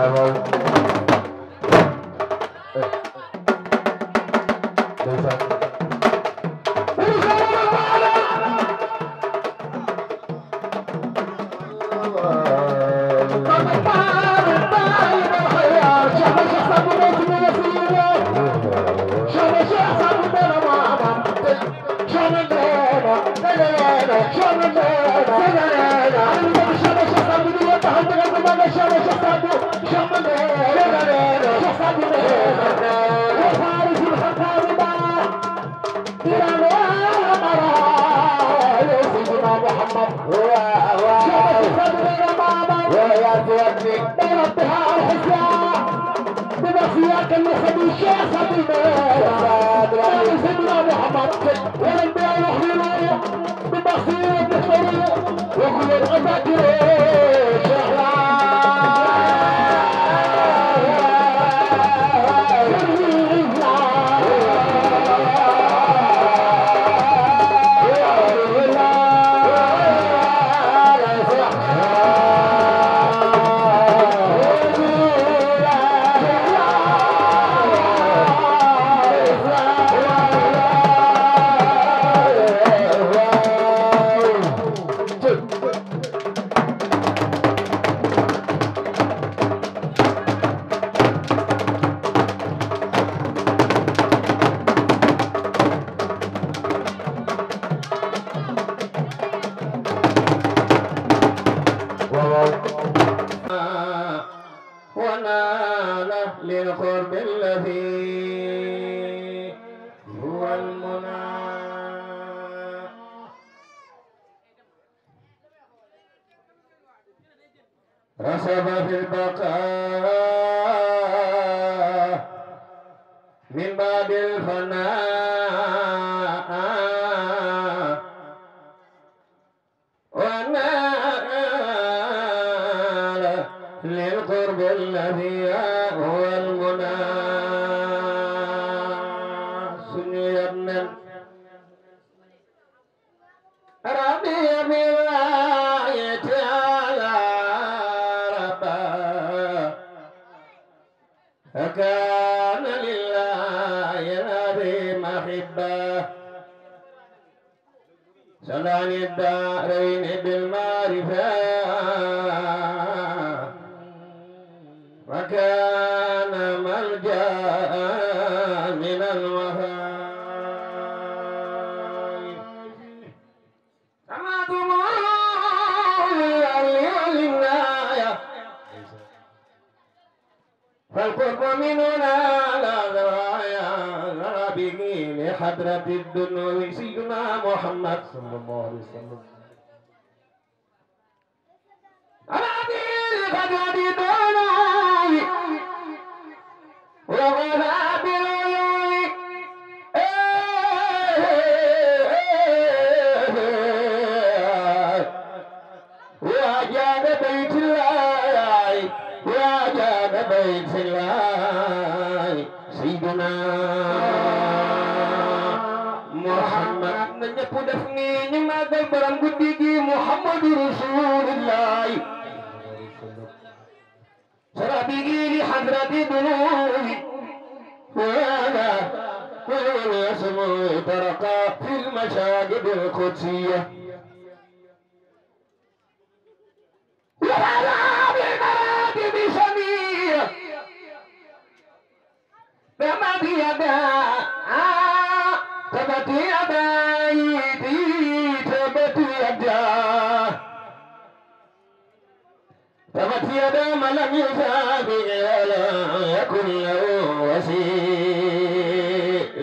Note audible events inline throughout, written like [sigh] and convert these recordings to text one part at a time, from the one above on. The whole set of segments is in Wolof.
Bye bye.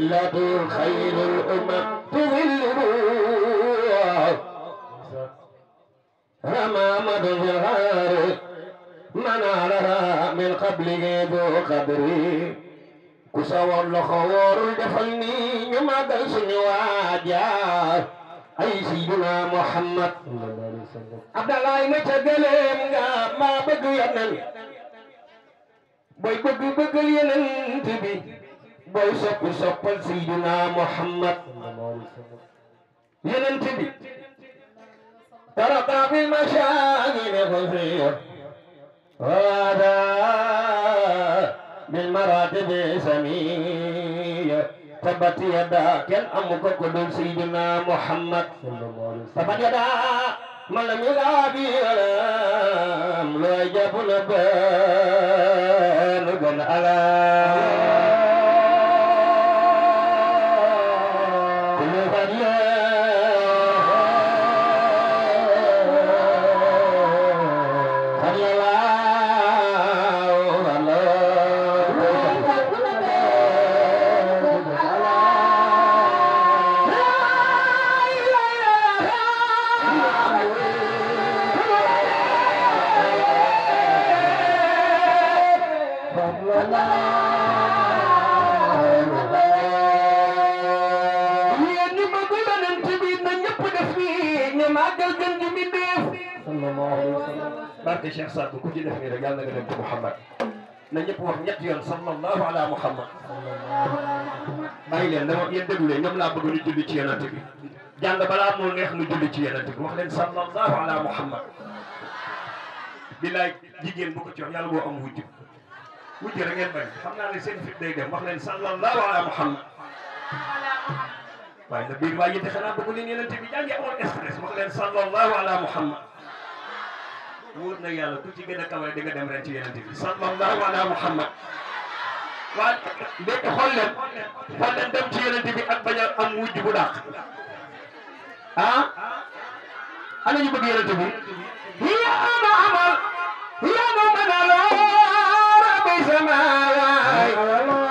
محمد خير الأمم تظلوا رمى مضجها من على من قبل جيبو قبري كسوى الخوار دفلني يما دسني واجا أي سيدنا محمد عبد الله ما تقلم ما بقي بوي بقي بقي ينن تبي booy soppi soppal sayyidina Muhammad yeneen bi ترقى بالمشاغل خفير وهذا بالمراتب سمية تبت يدا كان أمك كدل سيدنا محمد تبت يدا من لم يدعى بيلام لو يجاب لبان على li Cheikh Sadou ku ci def nii rek yàlla nga dem ci Mouhamad na ñëpp wax ñett yoon sallallahu ala muhammad bàyyi leen dama yéen déglu leen ñoom laa bëgg ñu julli ci yonent bi jàng balaa moo neex ñu julli ci yonent bi wax leen sallallahu ala muhammad bilaay jigéen bu ko ci wax am wujj wujj rek ngeen bañ xam naa ne seen fit day dem wax sallallahu ala muhammad waaye na biir waa yi te xanaa bëgg leen yonent bi amoon express wax leen sallallahu ala muhammad wóor na yàlla ku ci gën a kawe di nga dem ren ci yeneen bi sallallahu ala muhammad waa léegi xool leen xool leen dem ci yeneen bi ak bañ a am wujj bu dàq ah ana ñu bëgg yeneen bi yaa ma amal yaa ma manal rabbi samawaay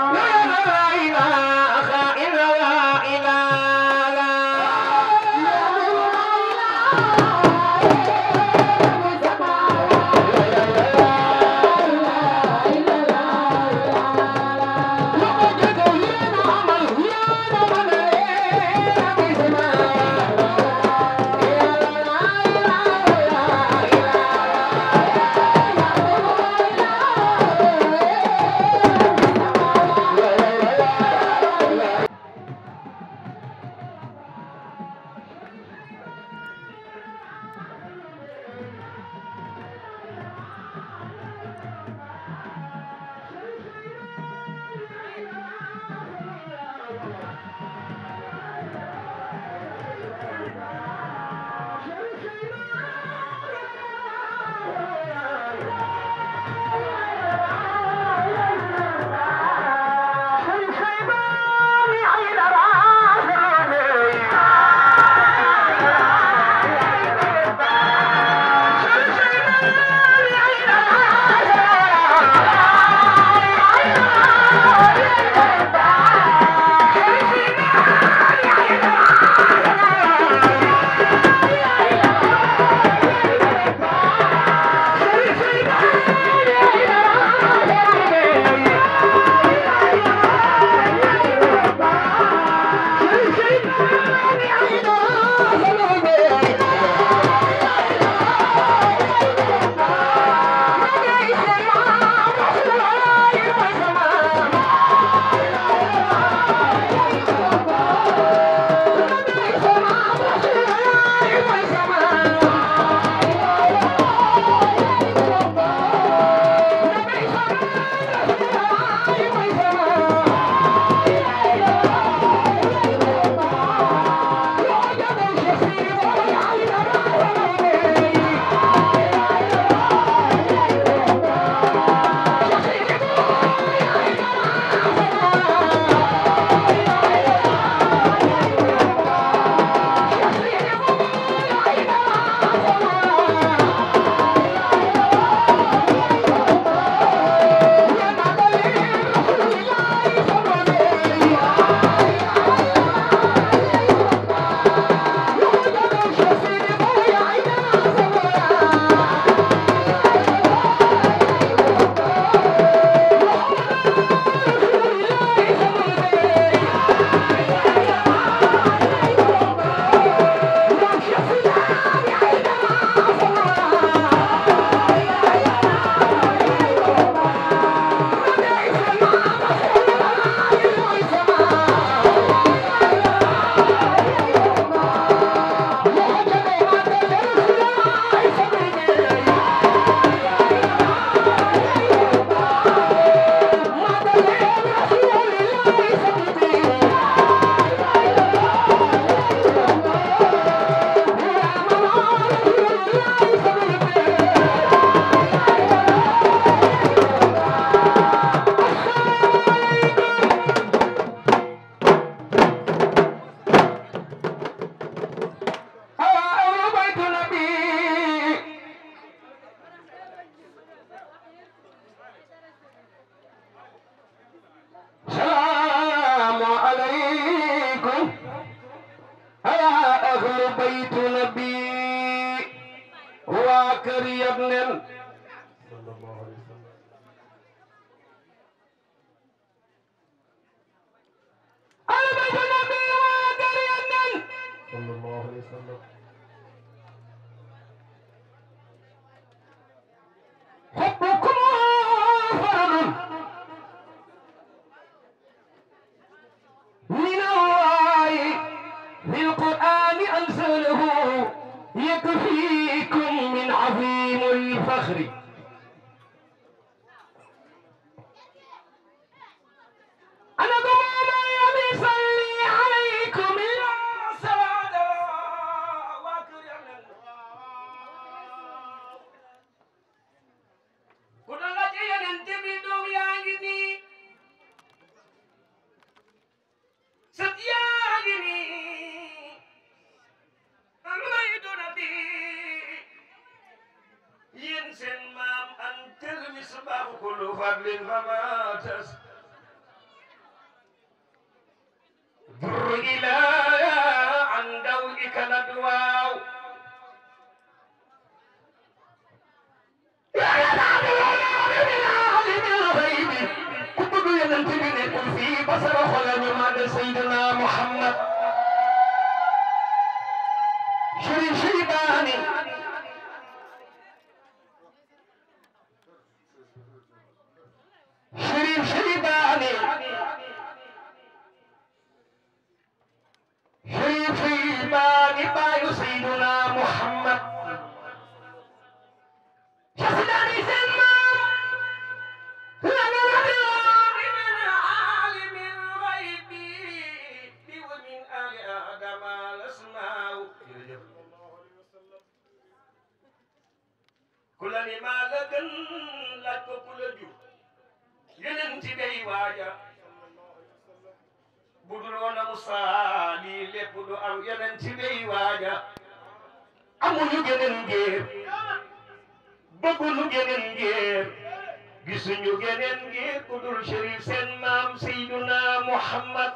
leen ngir ku dul Chérif seen maam Seydina Muhammad.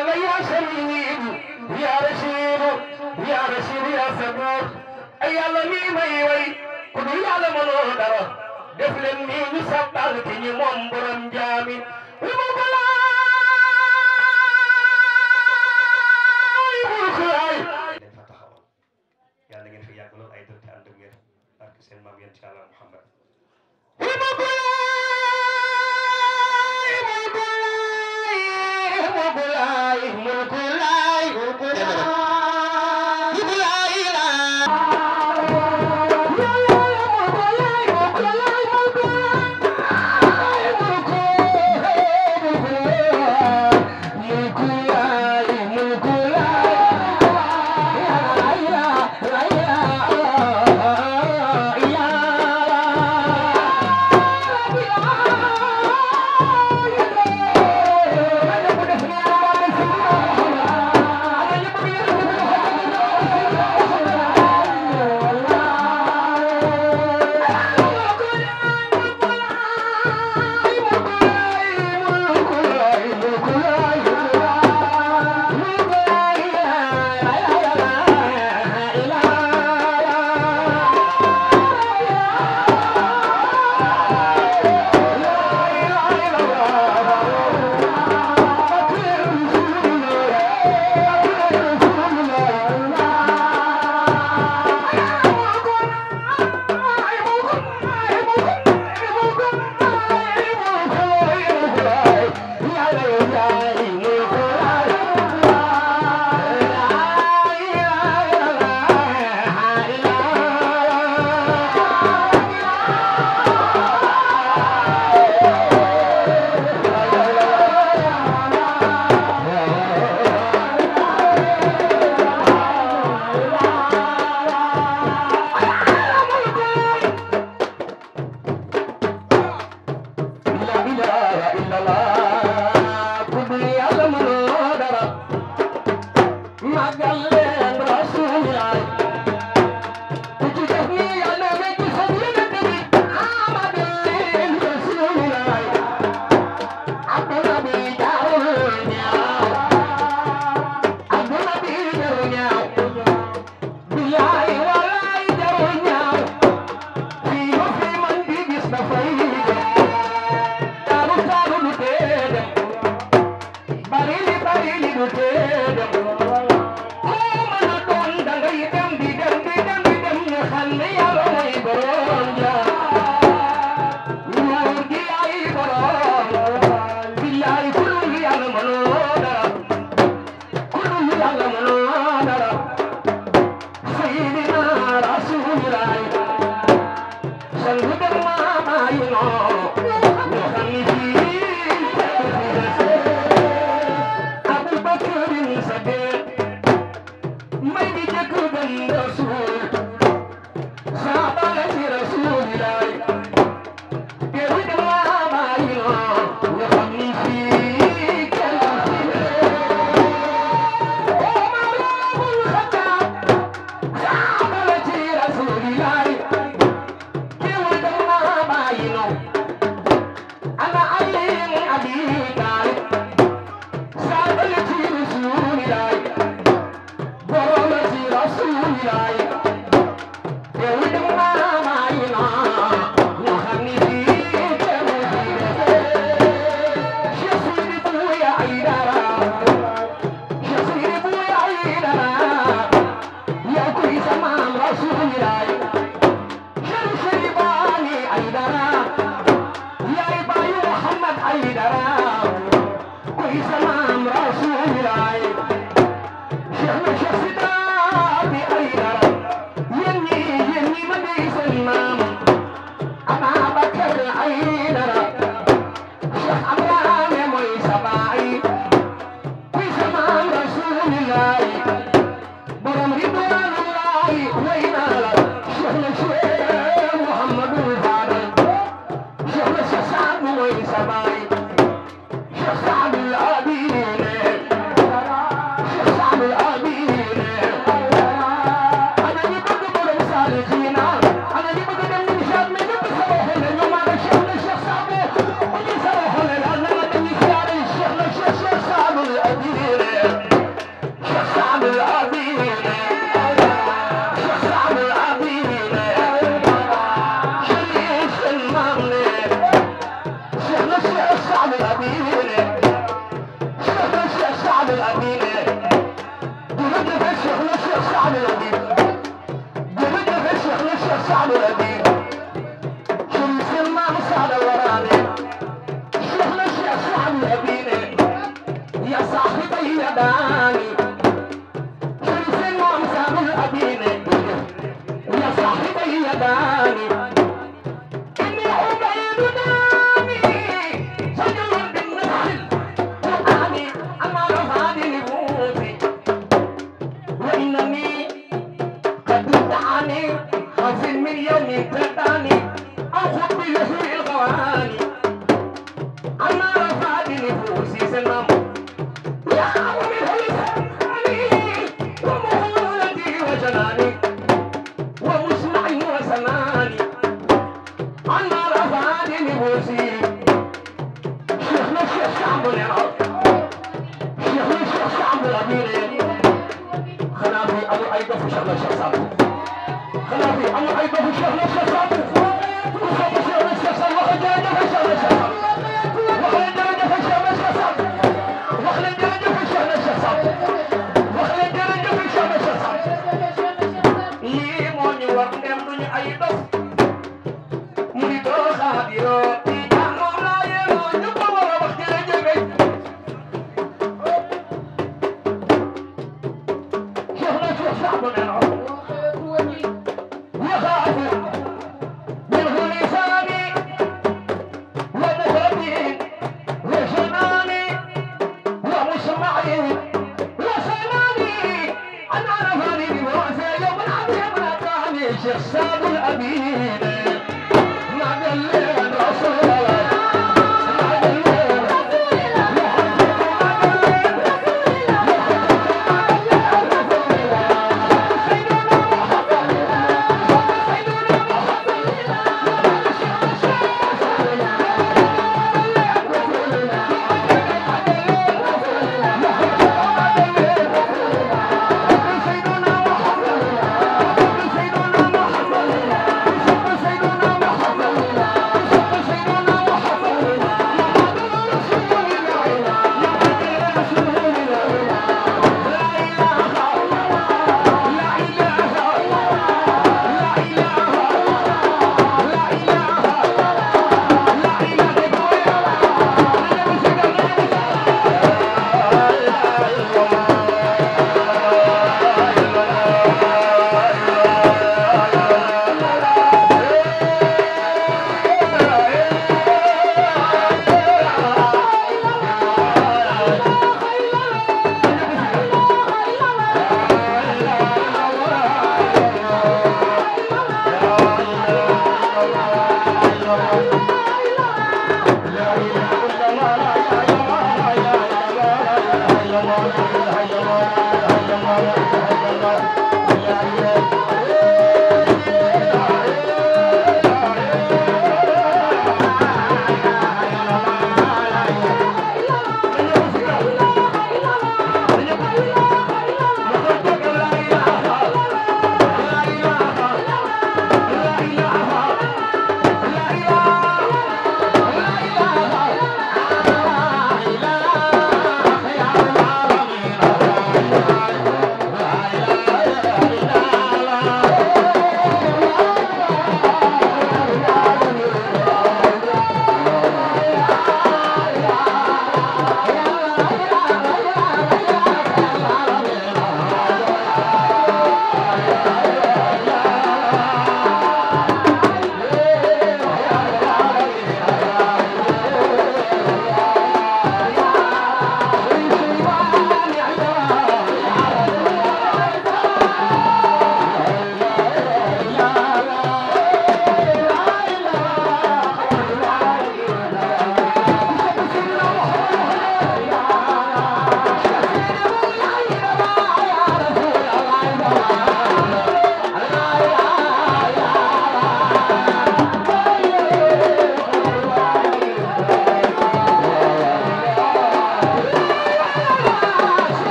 يلا يا شهيد يا رشيد يا رشيد يا صبور اي يلا مي مي وي كن يلا ملو دارا def leen nii ñu sàbbal ki ñi moom borom jaami li mu ko laal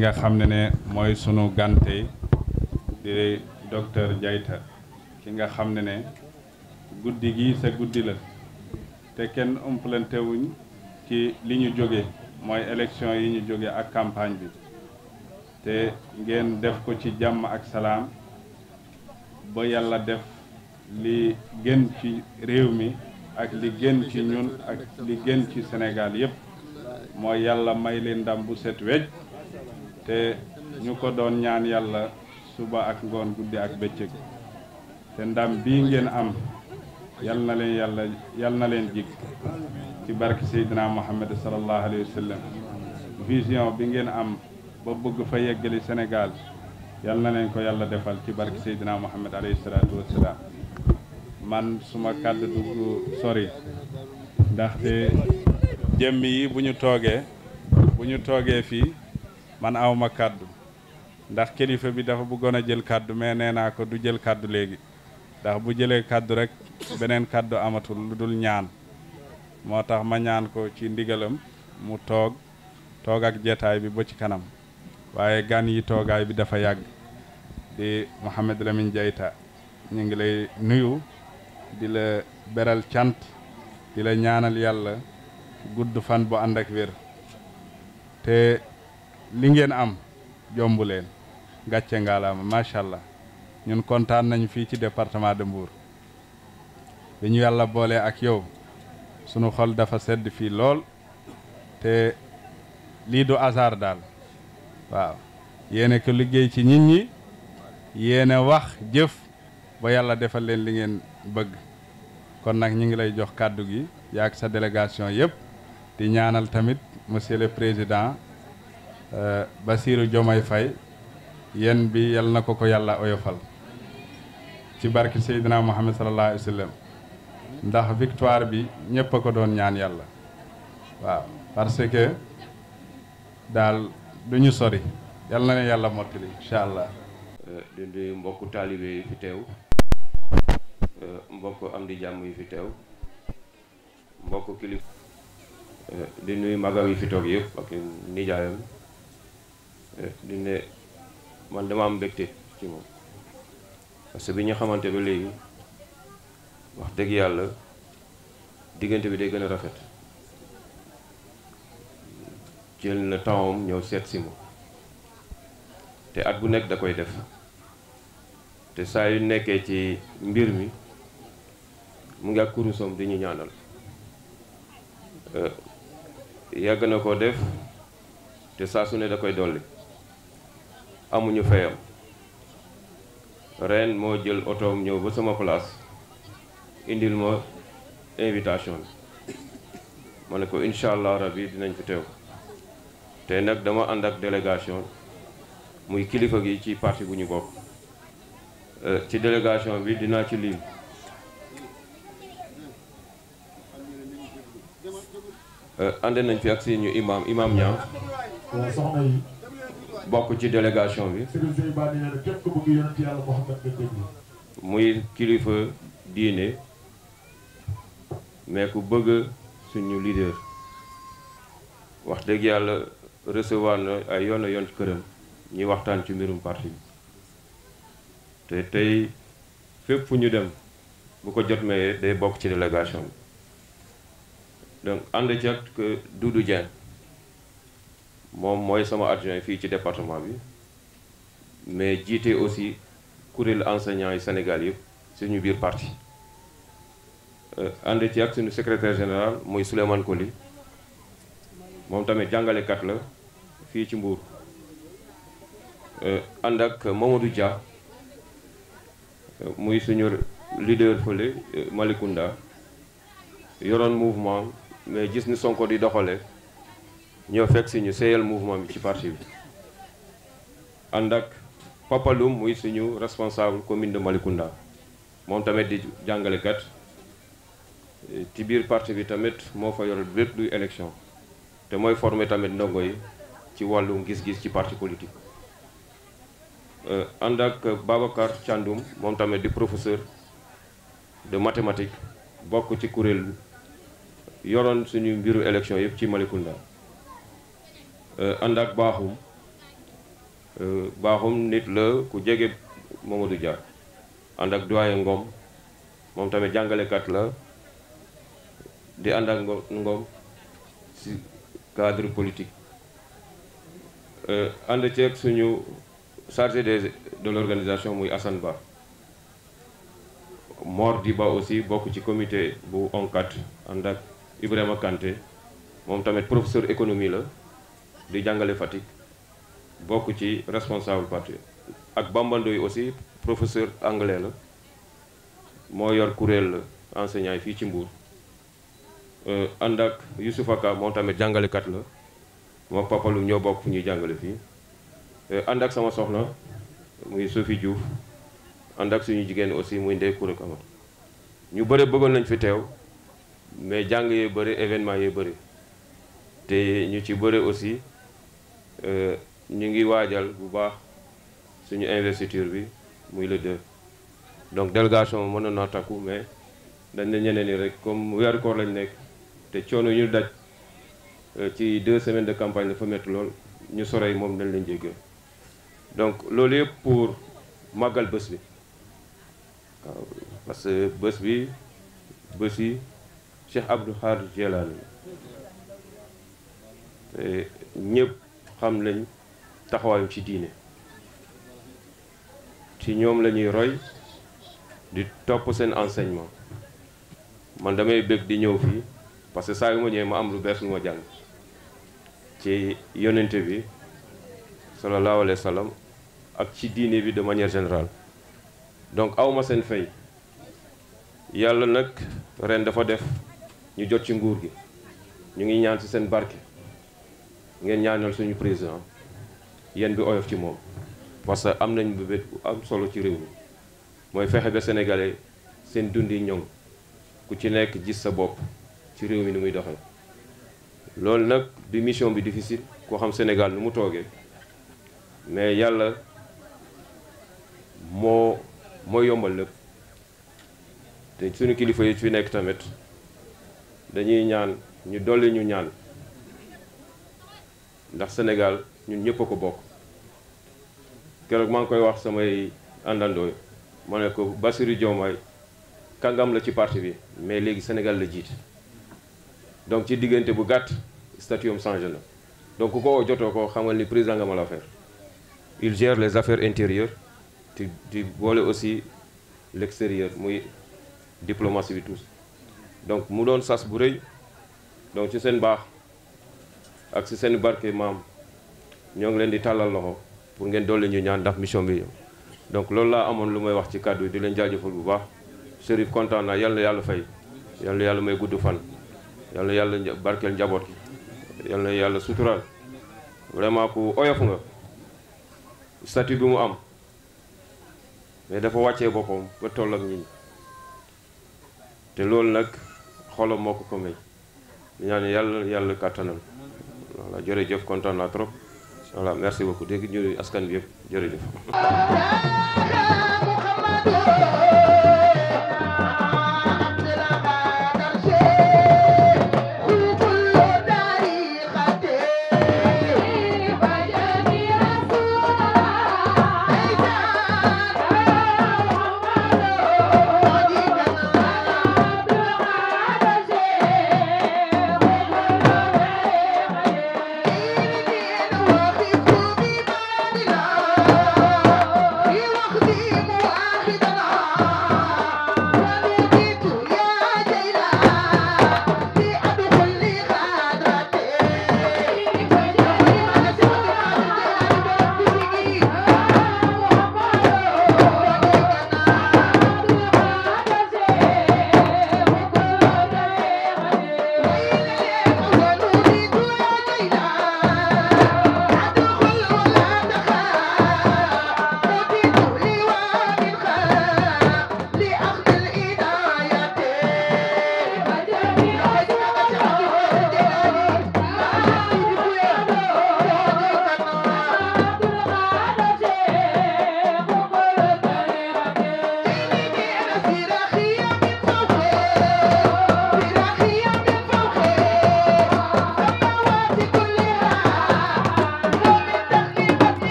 nga xamné né moy sunu ganté di docteur Diayta ki nga xamné né ne gi sa guddi la te kenn ëmplante wuñ ci liñu joggé moy élection yi ñu joggé ak campagne bi té ngeen def ko ci jamm ak salam ba yalla def li gën ci réew mi ak li gën ci ñun ak li gën ci Sénégal yépp moy yalla may leen ndam bu set wéj te ñu ko doon ñaan yàlla suba ak ngoon guddi ak bëccëg te ndam bi ngeen am yal na leen yàlla yal na leen jig ci barke Seydina Muhammad sallallahu alayhi wa sallam vision bi ngeen am ba bëgg fa yeggali senegal yal na leen ko yàlla defal ci barke Seydina Muhammad alayhi salaatu wa salaam man suma kàddu dugg sori ndaxte jëmm yi bu ñu toogee bu ñu toogee fii man aw ma kàddu ndax kilifa bi dafa bëggoon a jël kàddu mais nee naa ko du jël kàddu léegi ndax bu jëlee kàddu rek beneen kàddu amatul lu dul ñaan moo tax ma ñaan ko ci ndigalam mu toog toog ak jataay bi ba ci kanam waaye gan yi toogaay bi dafa yàgg di Mouhamed Lamine Diayta ñu ngi lay nuyu di la beral cant di la ñaanal yàlla gudd fan bu ànd ak wér te li ngeen am jombu leen gàcce ngaalaama macha allah ñun kontaan nañu fii ci département de Mbour bi ñu yàlla boole ak yow sunu xol dafa sedd fii lool te lii du hasard daal waaw yéene ko liggéey ci nit ñi yéene wax jëf ba yàlla defal leen li ngeen bëgg kon nag ñu ngi lay jox kàddu gi yaak sa délégation yëpp di ñaanal tamit monsieur le président Euh, Bassirou Diomaye fay yenn bi yal na ko ko yàlla oyofal ci barke Seydina Muhammad sallallahu alayhi wa sallam ndax victoire bi ñëpp a ko doon ñaan yàlla waaw parce que daal du ñu sori yal na ne yàlla mottali incha allah. Euh, di nuyu mbokku taalibe yi fi teew euh, mbokk am di jàmm yu fi teew mbokk kilif di nuyu magaw yi fi toog yëpp ak nijaayam. di ne man dama am mbégte ci moom parce que bi ñu xamante ba léegi wax dëgg yàlla diggante bi day gën a rafet jël na temps ñëw seet si ma te at bu nekk da koy def te saa yu nekkee ci mbir mi mu ngi ak kurusoom di ñu ñaanal euh, yàgg na koo def te saa su ne da koy dolli amuñu fayam ren moo jël otoom ñëw ba sama place indil ma invitation bi ma ne ko incha allah rabi dinañ fi teew te nag dama ànd ak délégation muy kilifa gi ci parti bu ñu bokk euh, ci délégation bi dinaa ci lim euh, ànd nañ fi ak suñu imam imam ñaam bokk ci délégation bi muy kilifa diine mais ku bëgg suñu leader wax dëgg yàlla recevoir na ay yoon yoon këram ñuy waxtaan ci mbirum parti bi te tey fépp fu ñu dem bu ko jot mayee day bokk ci délégation bi donc ànd ci ak euh, Doudou Dieng Je suis sama adjoint fii ci département bi mais j'étais aussi le enseignant yi Sénégal c'est une biir parti euh, ànd ci secrétaire général muy Souleymane Koli moom tamit jàngalekat la fii ci Mbour euh, ànd ak Mamadou Dia euh, muy suñu leader fële Malikunda mouvement mais gis ni Sonko di doxale ñoo fekk si ñu seeyal mouvement bi ci parti bi ànd ak Papaloum muy suñu responsable commune de Malicounda moom tamit di jàngalekat ci biir parti bi tamit moo fa yore lépp luy élection te mooy former tamit ndongo yi ci wàllu gis-gis ci parti politique. Euh, ànd ak Babacar Thiandoum moom tamit di professeur de mathématiques bokk ci kuréel yoroon suñu mbiru élection yëpp ci Malicounda. Euh, ànd ak baaxum euh, baaxum nit la ku jege Mamadou Dia ànd ak doyen Ngom moom tamit jàngalekat la di ànd ak Ngom ci cadre politique euh, ànd ceeg suñu chargé des de l'organisation muy Assane Ba Mor ba aussi bokk ci comité bu ONCAT ànd ak Ibrahima Kanté moom tamit professeur économie la di jàngale Fatick bokk ci responsable parti ak Bamba aussi professeur anglais la moo yor kuréel enseignant yi fii ci Mbour euh, ànd ak Youssoufa Ka moom tamit jàngalekat la moo papalu ñoo bokk fu ñuy jàngale fii euh, ànd ak sama soxla muy Sophie Diouf ànd ak suñu jigéen aussi muy Ndeye Koura Kama ñu bëri bëggoon nañ fi teew mais jàng yee bëri événement yee bëri te ñu ci bëri aussi Euh, ñu ngi waajal bu baax suñu investiture bi muy le 2 donc délégation mënoon naa takku mais dañ ne ñeneen ñi rek comme weeru koor lañ nekk te coono ñu daj euh, ci deux semaines de campagne dafa métti lool ñu sorey moom dañ lañ jéggal donc loolu yëpp pour màggal bés bi waaw que bés bi bés yi Cheikh Abdou Khadre Djeylani te ñëpp. xam lañ taxawaayu ci diine ci ñoom la ñuy roy di topp seen enseignement man damay bëgg di ñëw fii parce que saa yu ma ñëwee ma am lu bees lu ma jàng ci yonente bi sallallahu alayhi wa ak ci diine bi de manière générale donc awma seen fay yàlla nag ren dafa def ñu jot ci nguur gi ñu ngi ñaan ci seen barke ngeen ñaanal suñu président yéen bi oyof ci moom parce que am nañ bébét bu am solo ci réew mi mooy fexe ba sénégalais seen dund yi ñoŋ ku ci nekk gis sa bopp ci réew mi ni muy doxe loolu nag di mission bi difficile koo xam Sénégal nu mu toogee mais yàlla moo moo yombal lépp te suñu kilifa yi fi nekk tamit dañuy ñaan ñu dolli ñu ñaan ndax Sénégal ñun ñëpp ko bokk keroog maa ngi koy wax samay àndandoo ma ne ko Bassirou Diomaye kàngam la ci parti bi mais léegi Sénégal la jiite donc ci diggante bu gàtt statut am changé na donc ku ko jotoo ko xamal ni président nga ma la il gère les affaires intérieures di di boole aussi l'extérieur muy diplomatie bi tous donc mu doon sas bu rëy donc ci seen baax ak si seen barke maam ñoo ngi leen di tàllal loxo pour ngeen dolli ñu ñaan ndax mission bi donc loolu laa amoon lu may wax ci kàddu yi di leen jaajëfal bu baax Chérif kontaan naa yal yàlla fay yal yàlla may gudd fan yàlla yàlla barkeel njaboot gi yal yàlla suturaal vraiment ku oyof nga statut bi mu am mais dafa wàcce boppam ba toll ak ñi te loolu nag xolam moo ko ko may ñaan yàlla yàlla kàttanal voilà jërëjëf kontaan naa trop voilà merci beaucoup dégg ñu askan bi yëpp jërëjëf [laughs]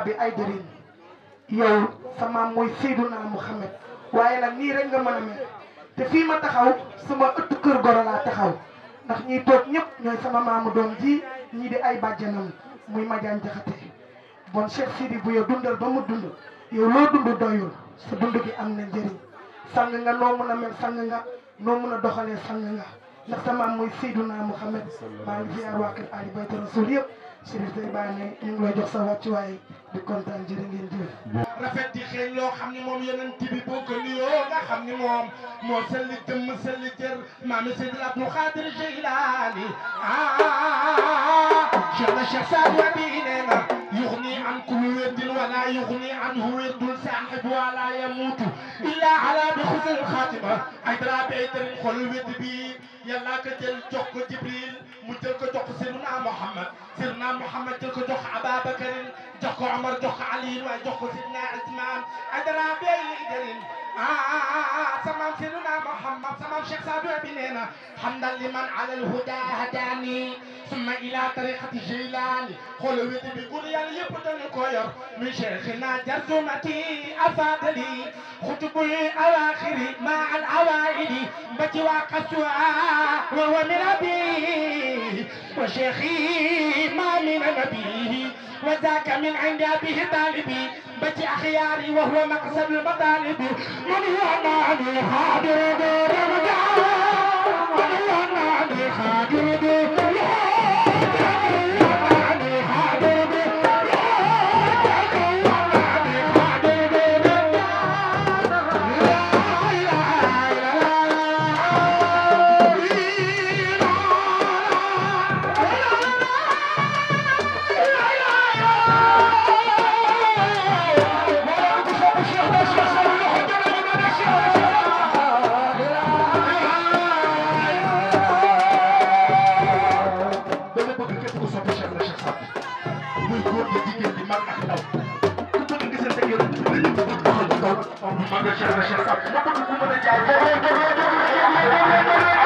Touba bi ay jëriñ yow sa maam mooy Seydouna Mouhamed waaye nag nii rek nga mën a mel te fii ma taxaw sama ëttu kër goro laa taxaw ndax ñiy toog ñëpp ñooy sama maamu doom ji ñii di ay bàjjanam muy Madiane Diakhaté bon Cheikh Sidi bu yow dundal ba mu dund yow loo dund doyul sa dund gi am na njëriñ sang nga noo mun a mel sang nga noo mun a doxalee sang nga ndax sa maam mooy Seydouna Mouhamed maa ngi ziar waa kër Ali Bayta Rasul yëpp Chérif Seydou Mané ñu ngi lay jox sa wàccuwaay di kontaan jërë ngeen jëf. rafet di xeeñ loo xam ni moom yeneen bi boo ko nuyoo nga xam ni moom moo selli jëmm selli jër maami Seydil Abdou Khadir Jeylaani ah Cheikh Cheikh Sadio Abi nee na يغني عنكم ود ولا يغني عنه ود صاحب ولا يموت إلا على بخزن الخاتمة أي درا بيتر خل ود بي يلا كتل جوك جبريل مجل كجوك سيدنا محمد سيدنا محمد جل كجوك أبا بكر جوك عمر جوك علي وجوك سيدنا عثمان أدرا بيتر آه محمد لمن على الهدى هداني ثم إلى طريقة جيلاني خلوت بقول يا ليبدن كوير من شيخنا جرزمتي أفاد خطبي أواخري مع العوائد بتي وقسوة وهو من أبيه وشيخي ما من نبيه وذاك من عند أبيه طالبي محبة أخياري وهو مقصد المطالب من هو معني حاضر رمضان Cheikh Cheikh Cheikh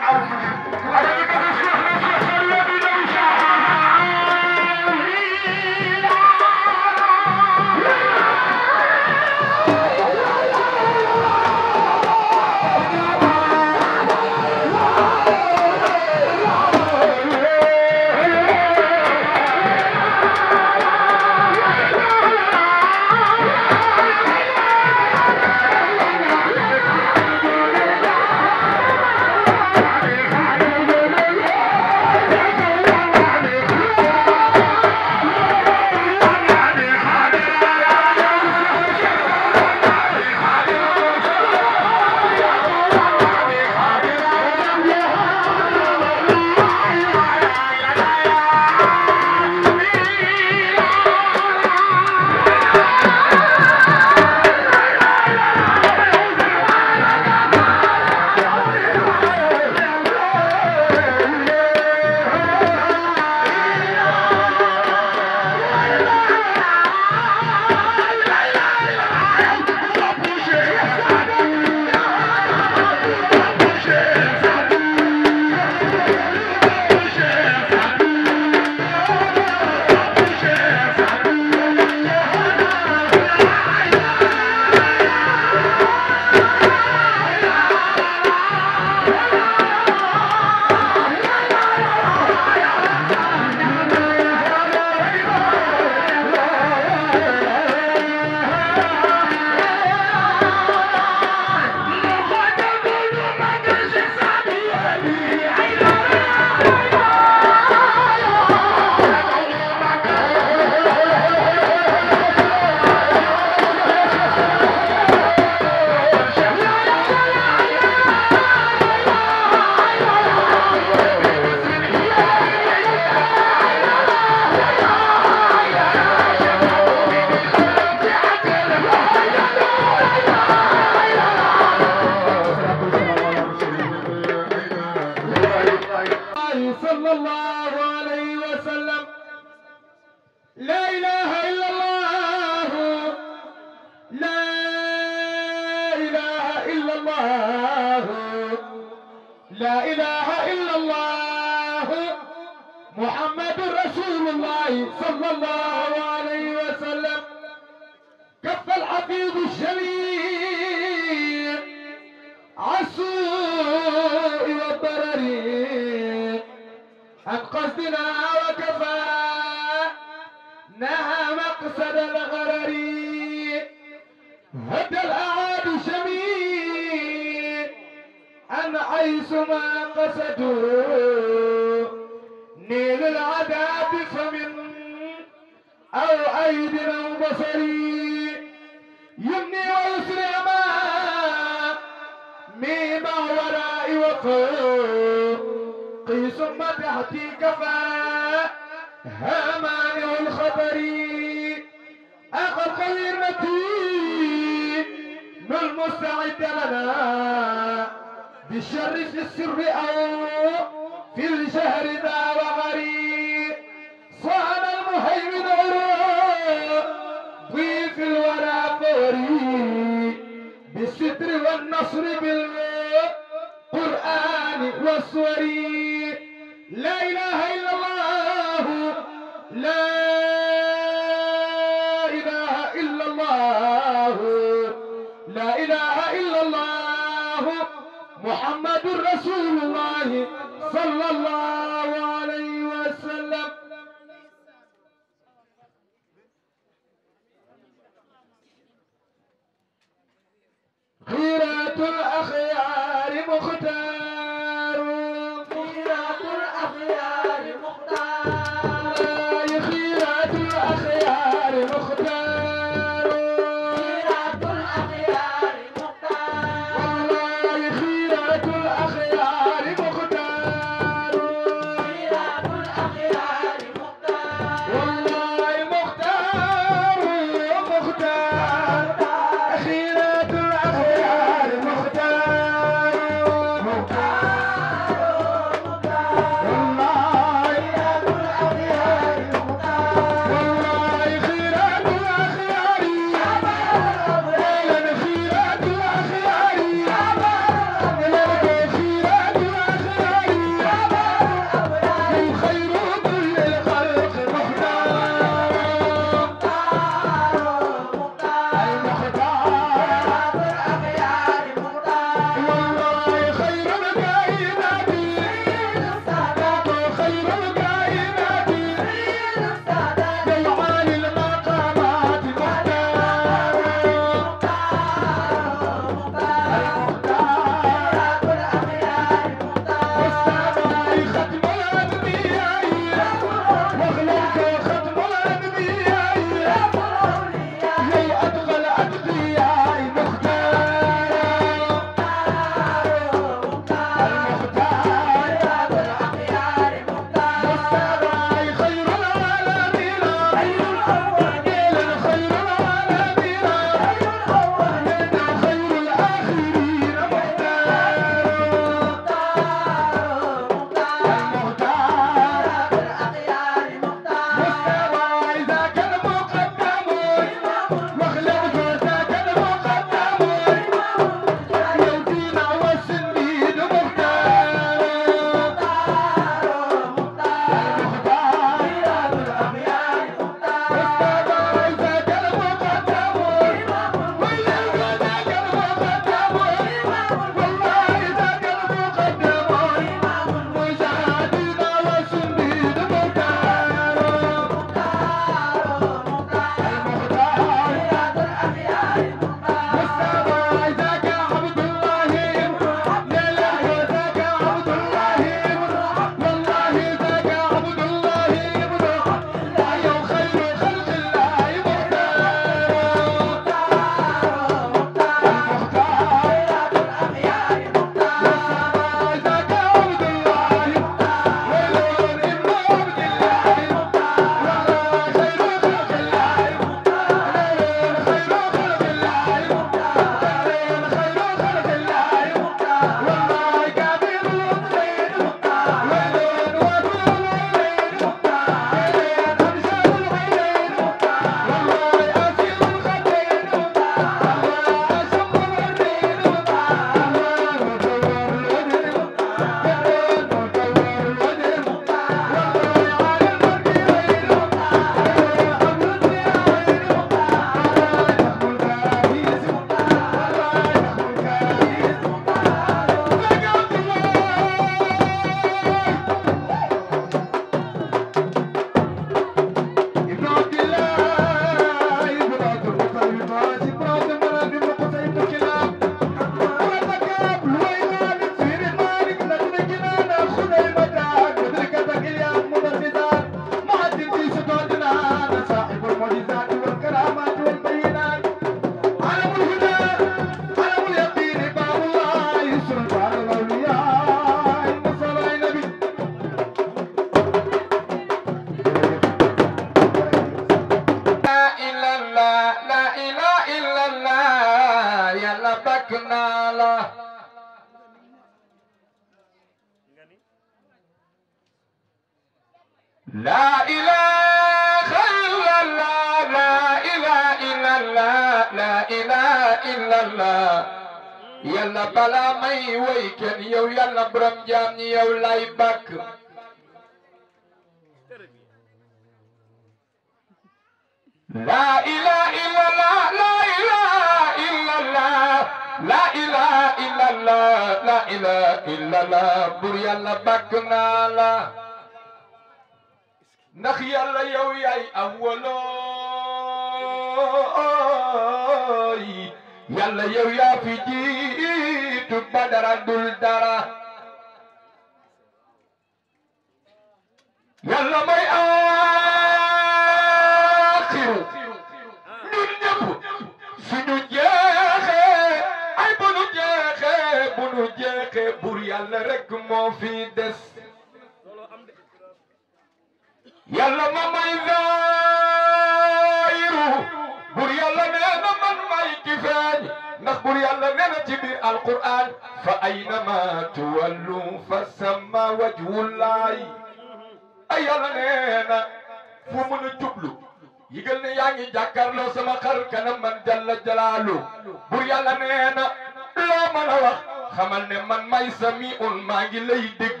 gi lay dégg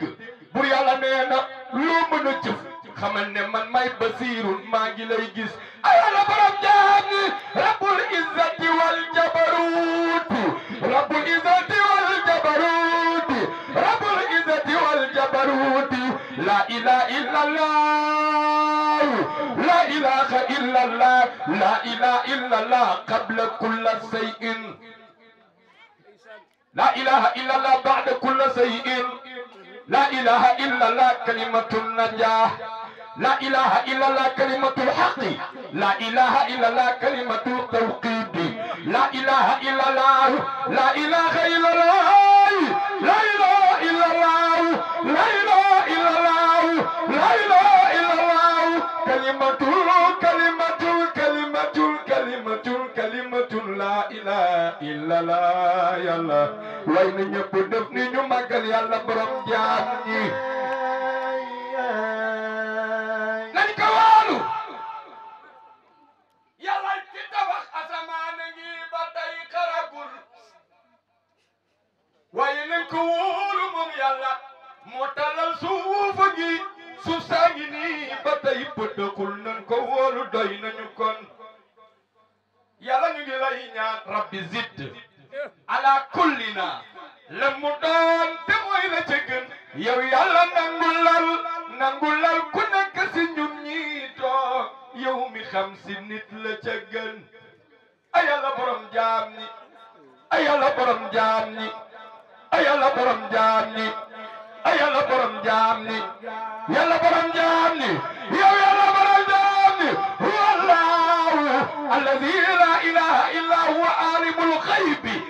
bur yàlla nee na loo mën a jëf xamal ne man may basiirun maa ngi lay gis ayala borom jaam yi rabbul izzati wal jabaruuti rabbul izzati wal jabaruuti rabbul izzati wal jabaruuti la ilaha illallah la ilaha illallah la ilaha illallah qabla kulli shay'in la ilaha illallah ba'da kulli shay'in لا إله إلا الله كلمة النجاح لا إله إلا الله كلمة الحق لا إله إلا الله كلمة التوقيت لا إله إلا الله لا إله إلا الله لا إله إلا الله لا إله إلا الله لا إله إلا الله كلمة كلمة كلمة كلمة كلمة لا إله إلا الله Ya ya ya doy na ñëpp def ni ñu màggal yàlla borom jaam ñi nañ ko waalu yàlla ci tabax asamaan a ngi ba tey xaragul waaye nañ ko wóolu moom yàlla moo talal suufa gi suuf saa ngi ba tey bëddëkul nañ ko wóolu doy nañu kon yàlla ñu ngi lay ñaan rabbi zidd ala kullina la mu te mooy la ca gën yow yàlla ku nekk si ñun ñii toog yow mi xam si nit la ca gën ay yàlla borom jaam ni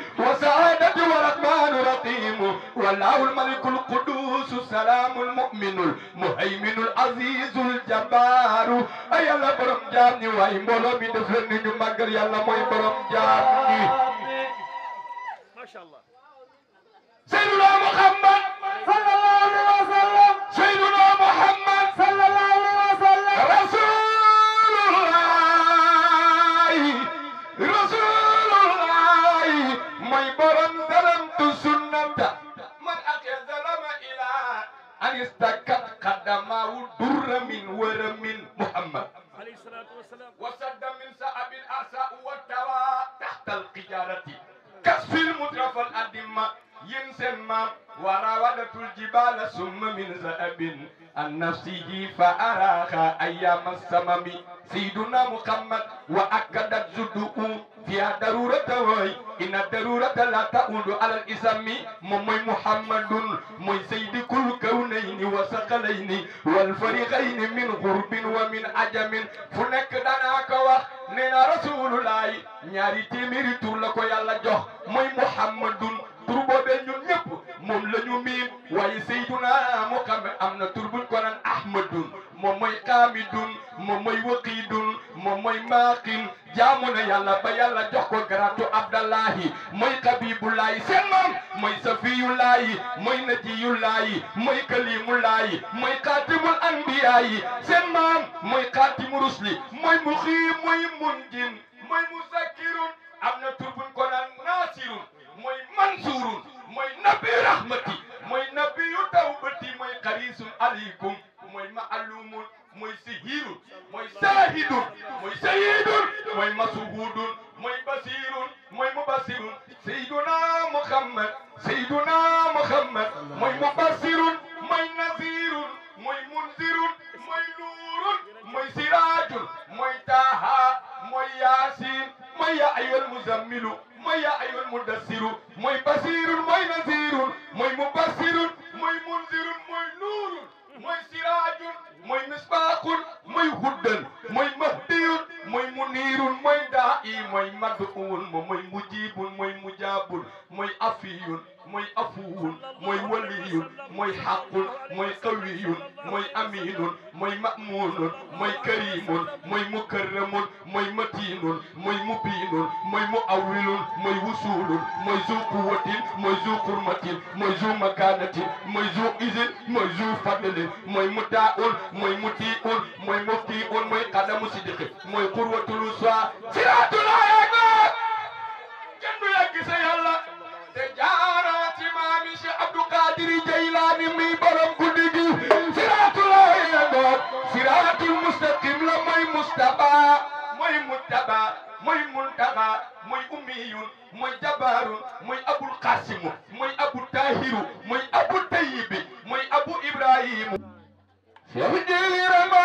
والله الملك القدوس السلام المؤمن المهيمن العزيز الجبار اي يلا برم جامني واي مولو بي دف لن ني ماغال يلا موي برم جامني ما شاء الله سيدنا محمد صلى الله قدمه در من ور من محمد وسد من سعب الأعساء والتواء تحت القجارة كسفر مترف الأدمة ينسمى وراودة الجبال سم من ذئب النفسي فأراها أيام السمم سيدنا محمد وأكد زدوء فيها ضرورة وي إن الضرورة لا تعود على الإسم ممي محمد مي سيد كل كونين وسقلين والفريقين من غرب ومن عجم فنك دانا وخ نينا رسول الله نياري تيميري تولكو يالا جوخ مي محمد tur boobee ñun ñëpp moom la ñu miin waaye Seydina Muhammad am na tur buñ ko naan Ahmadun moom mooy Xaamidun moom mooy Waqiidun moom mooy Maaqin jaamu na yàlla ba yàlla jox ko garaatu Abdallahi mooy Xabibullahi seen moom mooy Safiyullahi mooy Najiyullahi mooy Kalimullahi mooy Xaatimul Anbiyaayi seen moom mooy Xaatimu Rusli mooy Muxii mooy Munjin mooy Musakirun am na tur buñ ko mooy mansuurun mooy nabi rahmati mooy nabiyu tawbati mooy xariisun aleykum mooy maalumun mooy sihirun mooy saahidun mooy sayidun mooy masuhudun mooy basirun mooy mubasirun sayduna muhammad sayduna muhammad mooy mubasirun mooy nazirun mooy munzirun mooy nuurun mooy siraajun mooy taaha mooy yaasin mooy ya ayyuhal muzammilu mooy yaa ayyuhal mudassirun mooy basirun mooy nazirun mooy mubassirun mooy munzirun mooy mooy siraajun mooy misbaaqun mooy huddan mooy mahdiyun mooy muniirun mooy daa'i mooy mad'uun mooy mujibun mooy mujaabun mooy afiyun mooy afuwun mooy waliyun mooy xaqun mooy qawiyun mooy aminun mooy mamunun mooy karimun mooy mukarramun mooy matinun mooy mubinun mooy muawwilun mooy wusulun mooy zu quwwatin mooy zu kurmatin mooy zu makanatin mooy zu izin mooy zu fadlin mooy mutaaun mooy mutiun mooy muftiun mooy qadamu sidqi mooy qurwatul uswa siratul ayat kenn du yàgg sa yàlla te jaa mustaba muy mujtaba muy muntaha muy ummiyun muy jabaarun muy abul qasimu muy abu tahiru muy abu tayyibi muy abu ibrahimu fi jirama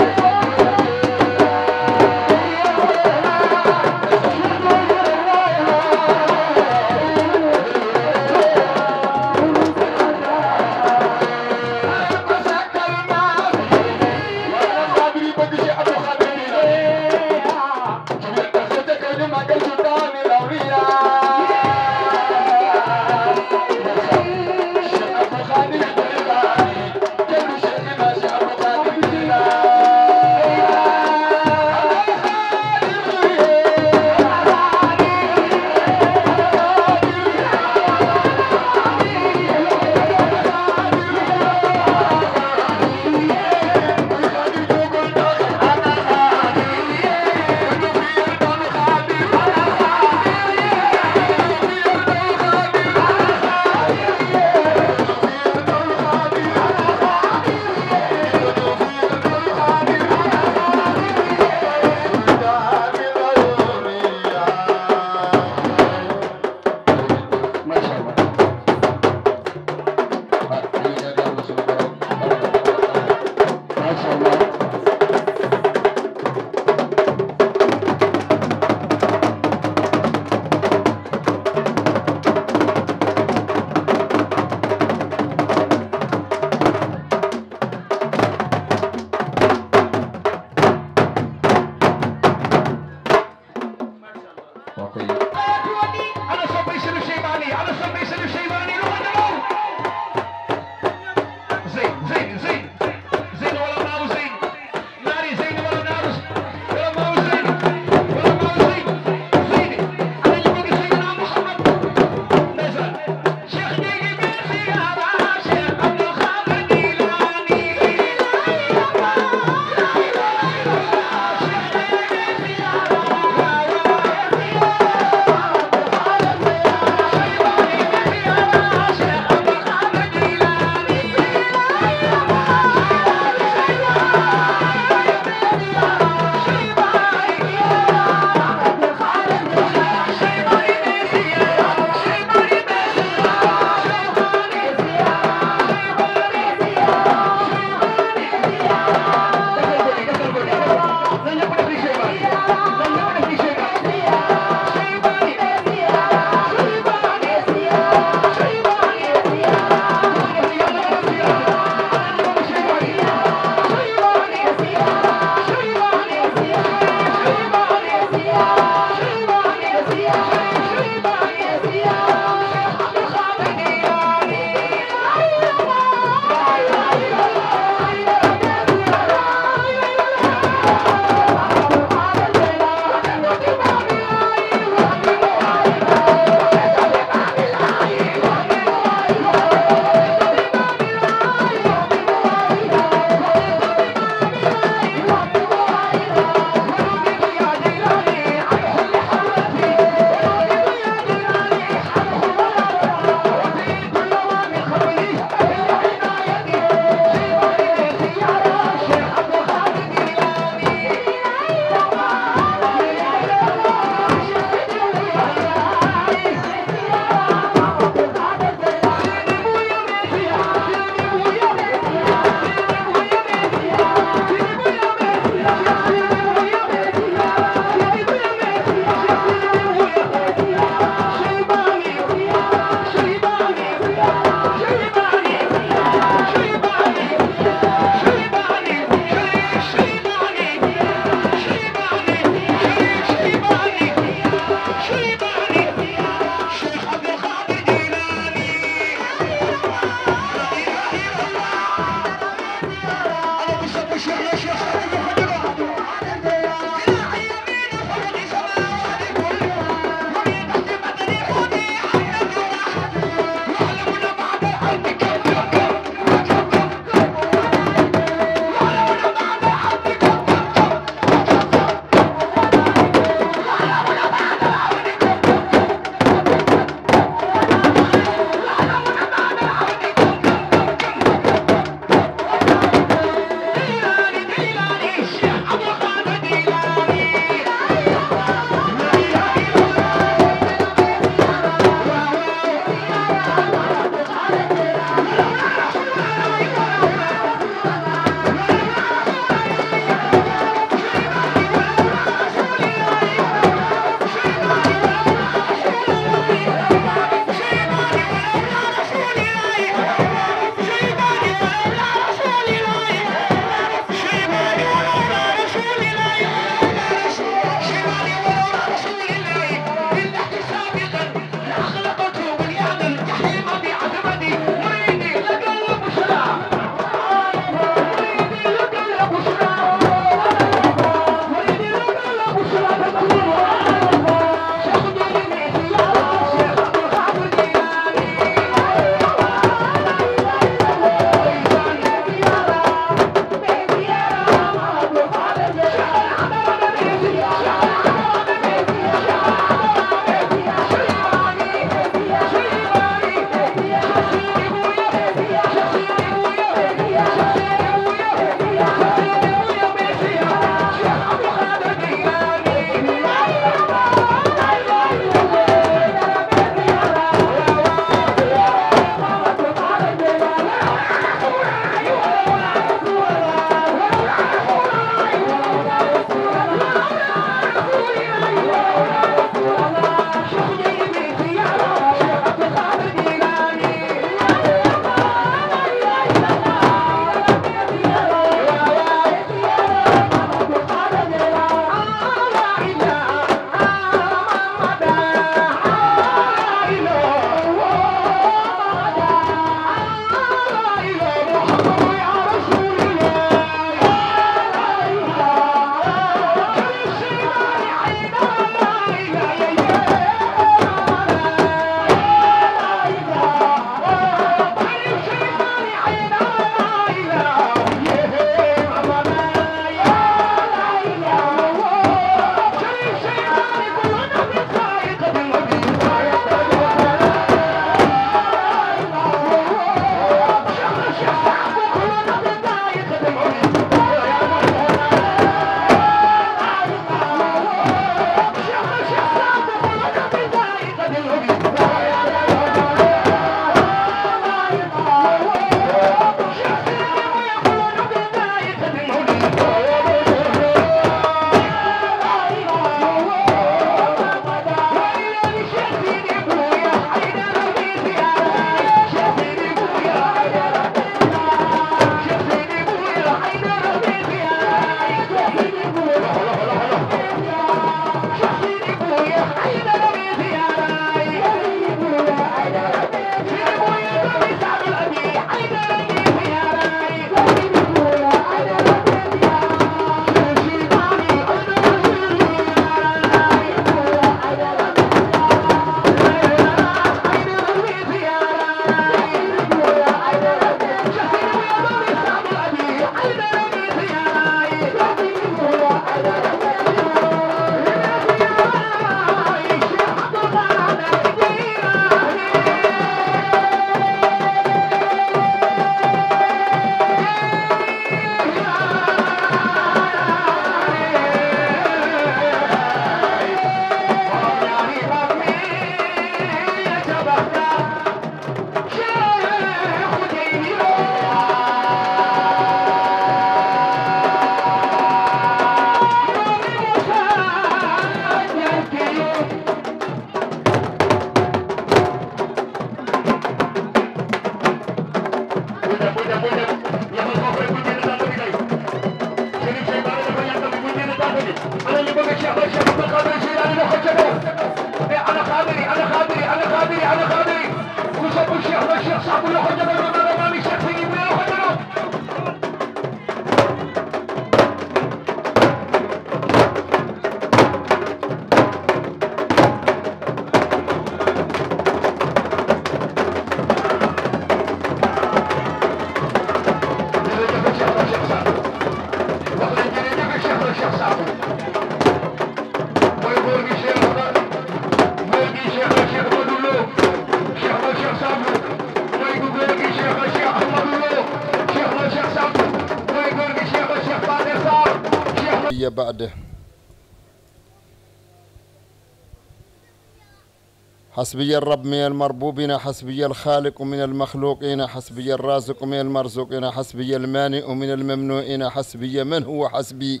حسبي الرب من المربوبين حسبي الخالق من المخلوقين حسبي الرازق من المرزوقين حسبي المانئ من الممنوعين حسبي من هو حسبي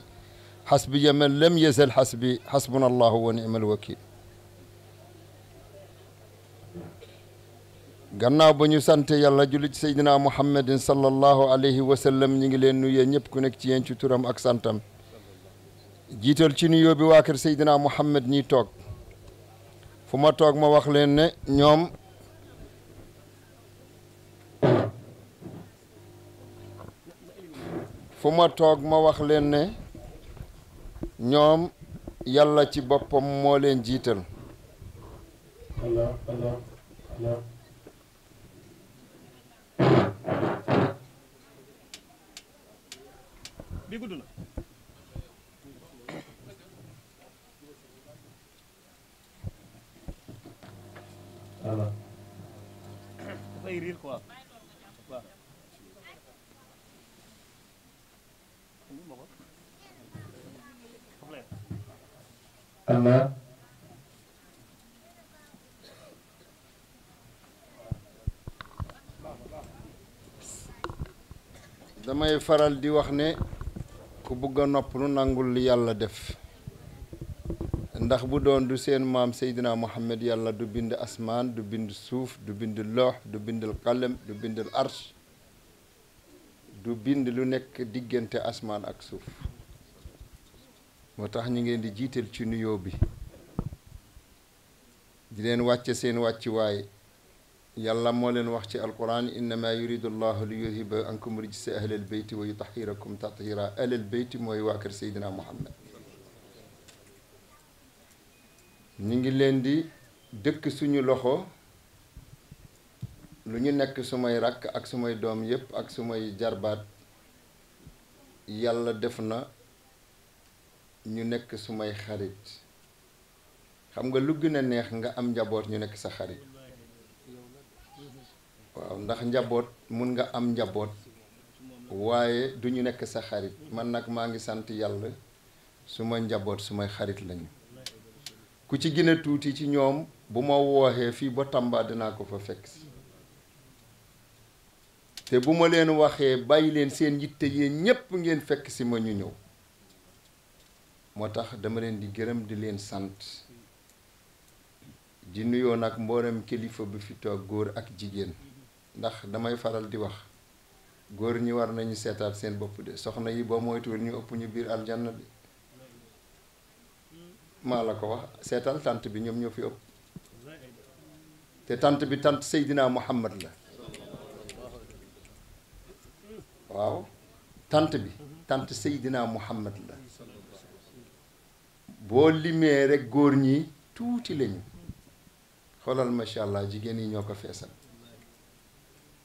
حسبي من لم يزل حسبي حسبنا الله ونعم الوكيل gannaaw ba ñu sant yàlla julli ci seydina muhammadin sallallahu alayhi wa sallam ñu ngi leen nuyu ñëpp ku nekk ci yéen ci turam ak santam jiital ci nuyoo bi waa kër seydina muhammad ñi toog fu ma toog ma wax leen ne ñoom fu ma toog ma wax leen ne ñoom yàlla ci boppam moo leen jiital sama damay faral di wax ne ku bëgg nopp nu nangul li yalla def ndax bu doon du seen maam sayidina Muhammad yalla du bind asman, du bind suuf du bind loox du al qalam du al arsh du bind lu nekk diggante asman ak suuf motax ñi ngeen di jiital ci nuyoo bi di leen wàcce seen wàccuwaay yàlla moo leen wax ci alquran innama yuridu llahu li yudhiba ankum rijsa ahli beyti wa yutahirakum tathira ahli beyti mooy waa kër sayidina muhammad ñi ngi leen di dëkk suñu loxo lu ñu nekk sumay rakk ak sumay doom yépp ak sumay jarbaat yàlla def na ñu nekk sumay xarit xam nga lu gën a neex nga am njaboot ñu nekk sa xarit waaw ndax njaboot mun nga am njaboot waaye du ñu nekk sa xarit man nag maa ngi sant yàlla suma njaboot sumay xarit lañu ku ci gën a tuuti ci ñoom bu ma woxee fii ba Tamba dinaa ko fa fekk si te bu ma leen waxee bàyyi leen seen yitte yéen ñépp ngeen fekk si ma ñu ñëw motax dama len di gërem di len sant di nuyo nak mbolam kelifa bu fi tok góor ak jigen ndax damay faral di wax góor ñi war nañu sétat seen bop de soxna yi bo moytu ñu upp ñu bir aljanna bi mala ko wax sétal tante bi ñom ñoo fi upp te tante bi tante sayidina Muhammad la waaw tante bi tante sayidina Muhammad la boo limee rek góor ñi tuuti lañu xoolal macha allah jigéen yi ñoo ko feesal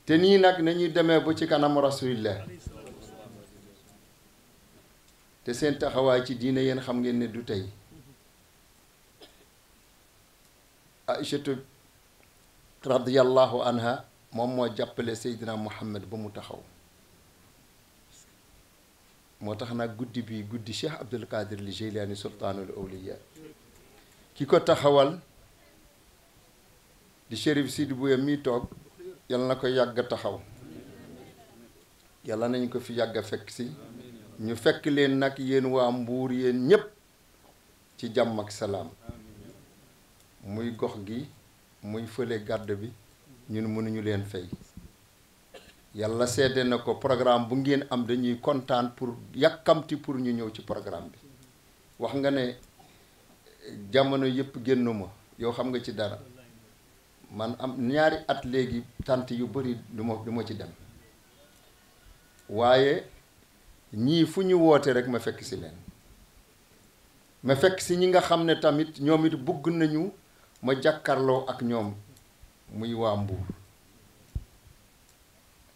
te nii nag nañuy demee ba ci kanam rasulillah te seen taxawaay ci diine yéen xam ngeen ne du tey aïchatu radiyallahu anha moom moo jàppale seydina muhammad ba mu taxaw moo tax nag guddi bii guddi Cheikh Abdul Qadir li Jeylaani sultaanul awliya ki ko taxawal di Chérif Sidi Bouya mii toog yal na ko yàgg taxaw yàlla nañ ko fi yàgg a fekk si ñu fekk leen nag yéen waa mbuur yéen ñépp ci jàmm ak salaam muy gox gi muy fële gàdd bi ñun mënuñu leen fay yàlla seede na ko programme bu ngeen am dañuy kontaan pour yàkkamti pour ñu ñëw ci programme bi wax nga ne jamono yëpp génnuma yow xam nga ci dara man am ñaari at léegi tant yu bari du ma ci dem waaye ñii fu ñu woote rek ma fekk si leen ma fekk si ñi nga xam ne tamit ñoom it bugg nañu ma jàkkarloo ak ñoom muy waa Mbuur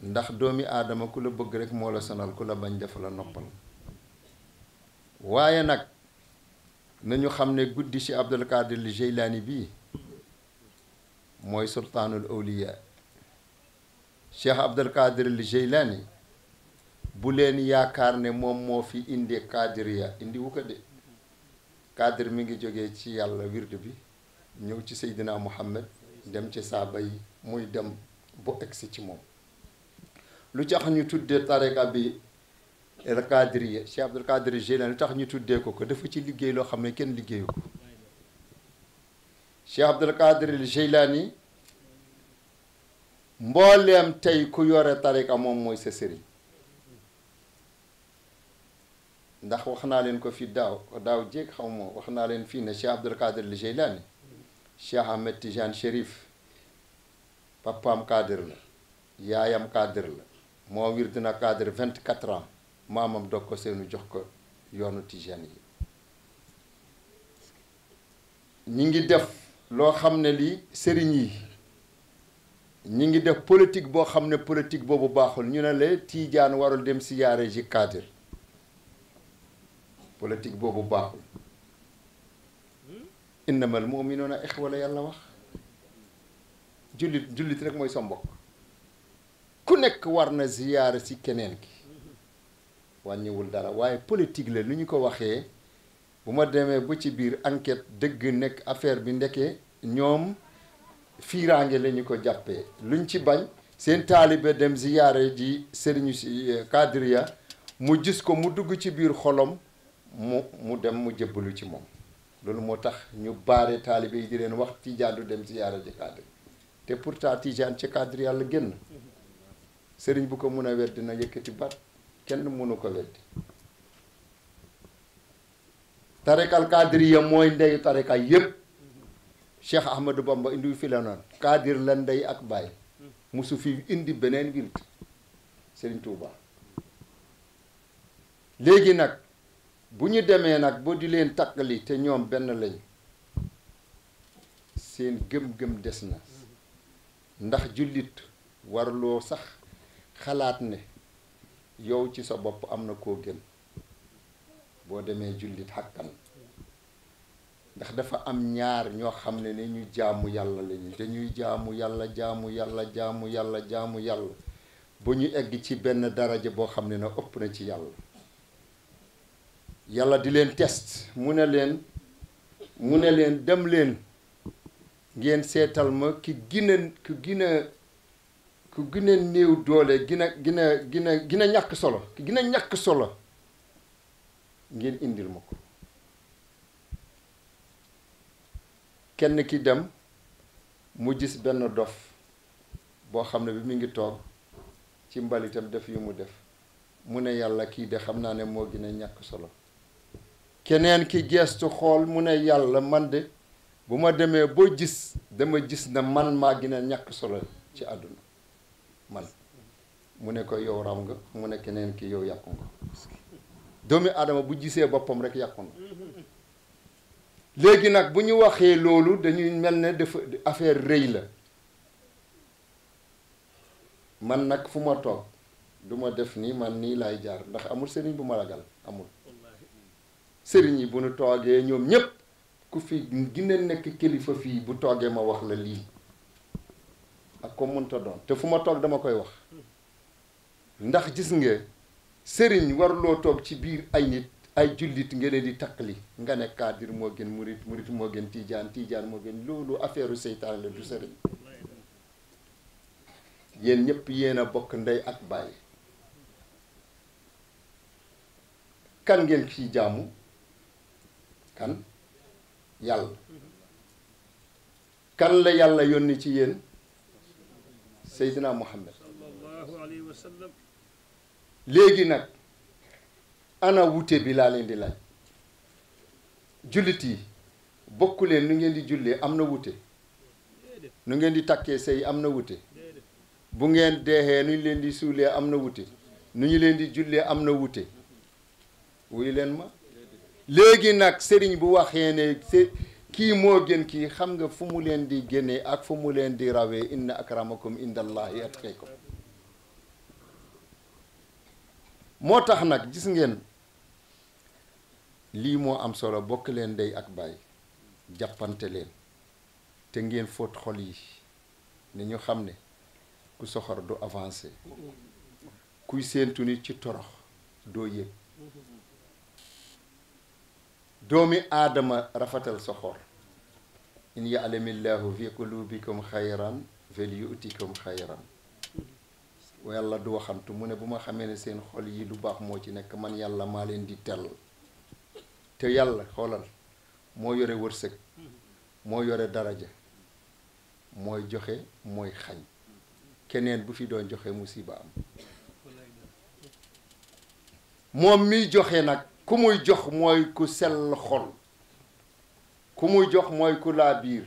ndax doomi aadama ku la bëgg rek moo la sonal ku la bañ def la noppal waaye nag nañu xam ne guddi ci Abdul Qadir Jeylaani bii mooy sultanul awliya Cheikh Abdul Qadir Jeylaani bu leen yaakaar ne moom moo fi indi Qadiriya indi wu ko de Qadir mi ngi jógee ci yàlla wird bi ñëw ci Seydina Muhammad dem ci saaba yi muy dem bu egsi ci moom lu tax ñu tuddee tariqa bi El Kadiriya Cheikh Abdul Kadir Jilani lu tax ñu tuddee ko ko dafa ci liggéey loo xam kenn liggéeyu ko Cheikh Abdul Kadir Jilani mbooleem tey ku yore tariqa moom mooy sa sëriñ ndax wax naa ko fii daaw daaw jéeg xaw ma wax naa ne Cheikh Abdul Kadir Jilani Cheikh Ahmed tijan Chérif papaam Kadir la yaayam Kadir la moo wir dina cadre vingt quatre ans maamam dog ko seenu jox ko yoonu tijaan yi ñi ngi def loo xam ne lii sëriñ yi ñi ngi def politique boo xam ne politique boobu baaxul ñu ne la tiijaan warul dem si yaare ji cadre politique boobu baaxul innamal mu'minuuna ixwa la yàlla wax jullit jullit rek mooy sa mbokk ku nekk war na ziyaara si keneen ki wàññiwul dara waaye politique la lu ñu ko waxee bu ma demee ba ci biir enquête dëgg nekk affaire bi ndeke ñoom fiiraange la ñu ko jàppee luñ ci bañ seen taalibe dem ziyaare ji sëriñu si eh, kadriya mu gis ko mu dugg ci biir xolom mu mu dem mu jëbbalu ci moom loolu moo tax ñu baare taalibe yi di leen wax tijaan du dem ziyaare ji kadri te pourtant tijaan ci kadri yàlla génn sëriñ bu ko mun a weddi na yëkkati baat kenn mënu ko weddi tarikal kadiriya mooy ndeyu tarika yépp Cheikh Ahmadou Bamba indi fi la noonu kadir la ndey ak baay musu fi indi beneen wird sëriñ Touba léegi nag bu ñu demee nag boo di leen takkali te ñoom benn lañu seen gëm-gëm des na ndax jullit warloo sax xalaat ne yow ci sa bopp am na koo gën boo demee jullit xàkkan ndax dafa am ñaar ñoo xam ne ne ñu jaamu yàlla lañu dañuy jaamu yàlla jaamu yàlla jaamu yàlla jaamu yàlla ba ñu egg ci benn daraja boo xam ne na ëpp na ci yàlla yàlla di leen test mu ne leen mu ne leen dem leen ngeen seetal ma ki gina ki gina ku gën néew doole gën a gën a ñàkk solo ku ñàkk solo ngeen indil ma ko kenn ki dem mu gis benn dof boo xam ne bi mu ngi toog ci mbalitam def yu mu def mu ne yàlla kii de xam naa ne moo gën ñàkk solo keneen ki geestu xool mu ne yàlla man de bu ma demee boo gis dama gis na man maa gën a ñàkk solo ci àdduna man mu ne ko yow raw nga mu ne keneen ki yow yàqu nga doomi aadama bu gisee boppam rek yàqu na léegi nag bu ñu waxee loolu dañuy mel ne dafa affaire rëy la man nag fu ma toog duma def nii man nii laay jaar ndax amul sëriñ bu ma ragal amul sëriñ yi bu nu toogee ñoom ñépp ku fi gën a nekk kilifa fii bu toogee ma wax la lii ak ko doon te fu ma toog dama koy wax ndax gis nga sëriñ lo toog ci biir ay nit ay jullit nga leen di takli nga ne kaadir moo gën murit murit moo gën tiijaan tiijaan moo gën loolu affaire seytaan la du sëriñ yéen ñëpp yéen a bokk ak bàyyi kan ngeen ci jaamu kan yàlla kan la yàlla yónni ci yéen Seydina Muhammad léegi nag ana wute bi laa leen di laaj jullit yi bokk leen nu ngeen di jullee am na wute nu ngeen di takkee sey am na wute bu ngeen deexee nu ñu leen di suulee am na wute nu ñu leen di jullee am na wute wuyu leen ma léegi nag sëriñ bu waxee ne kii moo gën kii xam nga fu mu leen di génnee ak fu mu leen di rawee inna akramakum indallahi atqakum moo tax nag gis ngeen lii moo am solo bokk leen day ak baay jàppante leen te ngeen fóot xol yi ne ñu xam ne ku soxor du avancé kuy séentu nit ci torox doo yëg دومي آدم رفتل صخور إن يعلم الله في قلوبكم خيرا فليؤتكم خيرا ويلا دو خام تمونه بوما خامين سين خول يي لو باخ مو تي نيك مان يالا ما لين دي تال تي يالا خولال مو يوري ورسك مو يوري درجه موي جوخه موي خاج كينين بو في دون جوخه مصيبه ام موم مي جوخه نك ku muy jox mooy ku sell xol ku muy jox mooy ku laa biir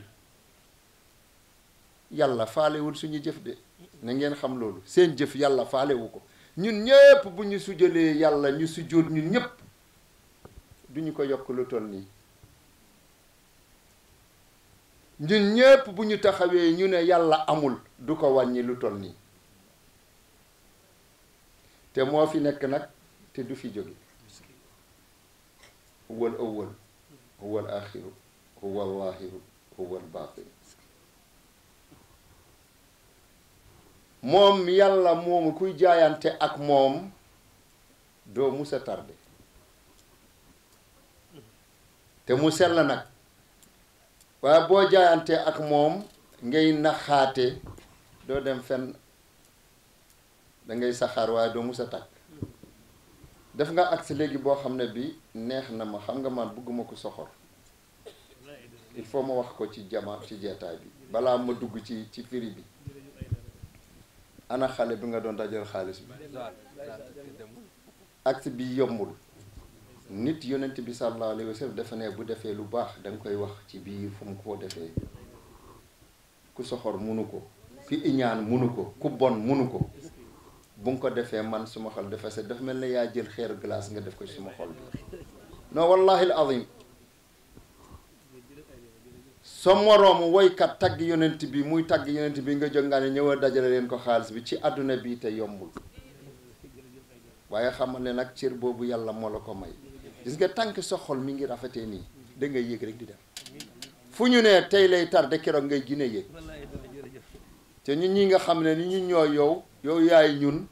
yàlla faalewul suñu jëf de na ngeen xam loolu seen jëf yàlla faalewu ko ñun ñépp bu ñu sujjalee yàlla ñu sujjóot ñun ñépp duñu ko yokk lu toll nii ñun ñépp bu ñu taxawee ñu ne yàlla amul du ko wàññi lu toll nii te moo fi nekk nag te du fi jóge هو الأول هو الآخر هو الظاهر هو الباطن moom yàlla moomu kuy jaayante ak موم دو موسى tarde te mu sell nag waaye boo jaayante ak moom ngay naxaate doo dem fenn da ngay saxaar waaye doo musa tag def nga agsi léegi boo xam ne bi neex na ma xam nga man bëgguma ko soxor il faut ma wax ko ci jama ci jeetaay bi balaa ma dugg ci ci firi bi ana xale bi nga doon dajal xaalis bi agsi bi yombul nit yonent bi sallallahu alayhi wa dafa ne bu defee lu baax da koy wax ci biir fu mu ko defee ku soxor munu ko ku iñaan munu ko ku bon munu ko bu nga ko defee man suma xol dafa set dafa mel ne yaa jël xeeru glace nga def ko suma xol bi non wallahi alazim sa moroom woykat tagg yonent bi muy tagg yonent bi nga jóg nga ne ñëw dajale leen ko xaalis bi ci àdduna bi te yombul waaye xamal ne nag cër boobu yàlla moo la ko may gis nga tànk sa xol mi ngi rafetee nii da ngay yéeg rek di dem fu ñu ne tey lay tarde keroog ngay gine yéeg te ñun ñi nga xam ne ni ñu ñoo yow yow yaay ñun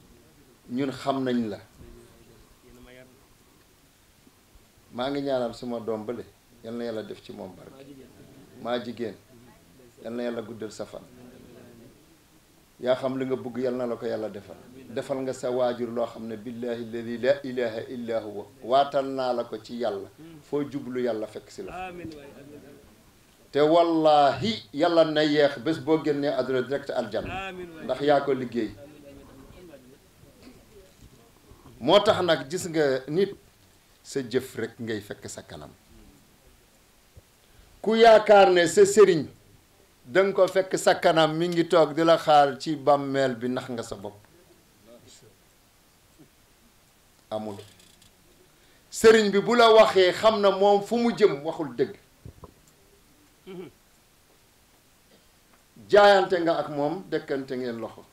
ñun xam nañ la maa ngi ñaanal suma doom bële yal na yàlla def ci moom barke maa jigéen yal na yàlla guddal sa yaa xam li nga bëgg yàlla na la ko yàlla defal defal nga sa waajur loo xam ne billahi alladi la ilaha illa waatal naa la ko ci yàlla foo jublu yàlla fekk si la te wallahi yàlla na yeex bés boo génnee àdduna direct aljanna ndax yaa ko liggéey moo tax nag gis nga nit sa jëf rekk ngay fekk sa kanam ku yaakaar ne sa sëriñ da ko fekk sa kanam mi ngi toog di la xaar ci bàmmeel bi nax nga sa bopp amul sëriñ bi bu la waxee xam na moom fu mu jëm waxul dëgg mm-hmm. jaayante nga ak moom dëkkante ngeen loxo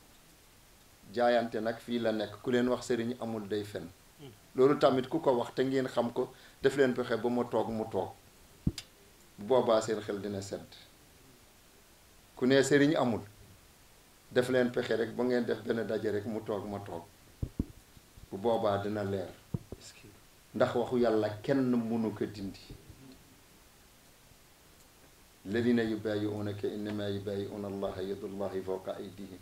jaayante nag fii la nekk ku leen wax sëriñ amul day fen loolu tamit ku ko wax te ngeen xam ko def leen pexe ba ma toog mu toog boobaa seen xel dina sedd ku ne sëriñ amul def leen pexe rek ba ngeen def benn daje rek mu toog ma toog bu boobaa dina leer ndax waxu yàlla kenn munu ko dindi الذين يبايعونك انما يبايعون الله يد الله فوق ايديهم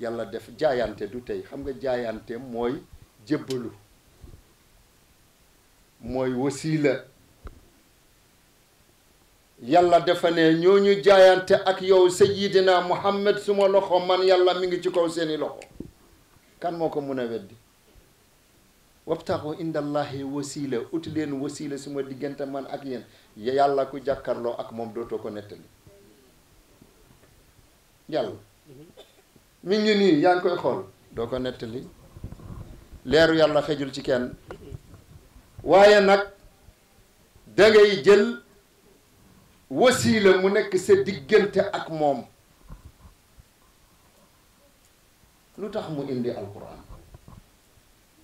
yàlla def jaayante du tey xam nga jaayante mooy jébbalu mooy wasiila yàlla defa ne ñoo ñu jaayante ak yow sayidina muhammad suma loxo man yàlla mi ngi ci kaw seeni loxo kan moo ko mën a weddi wabtaxu inda allahi wasiila ut leen wasiila suma diggante man ak yéen yàlla ku jàkkarloo ak moom dootoo ko nettali yàlla mhm. mi ngi nii yaa ngi koy xool doo ko nettali leeru yàlla xejul ci kenn waaye nag da ngay jël wasiila mu nekk sa diggante ak moom lu tax mu indi alquran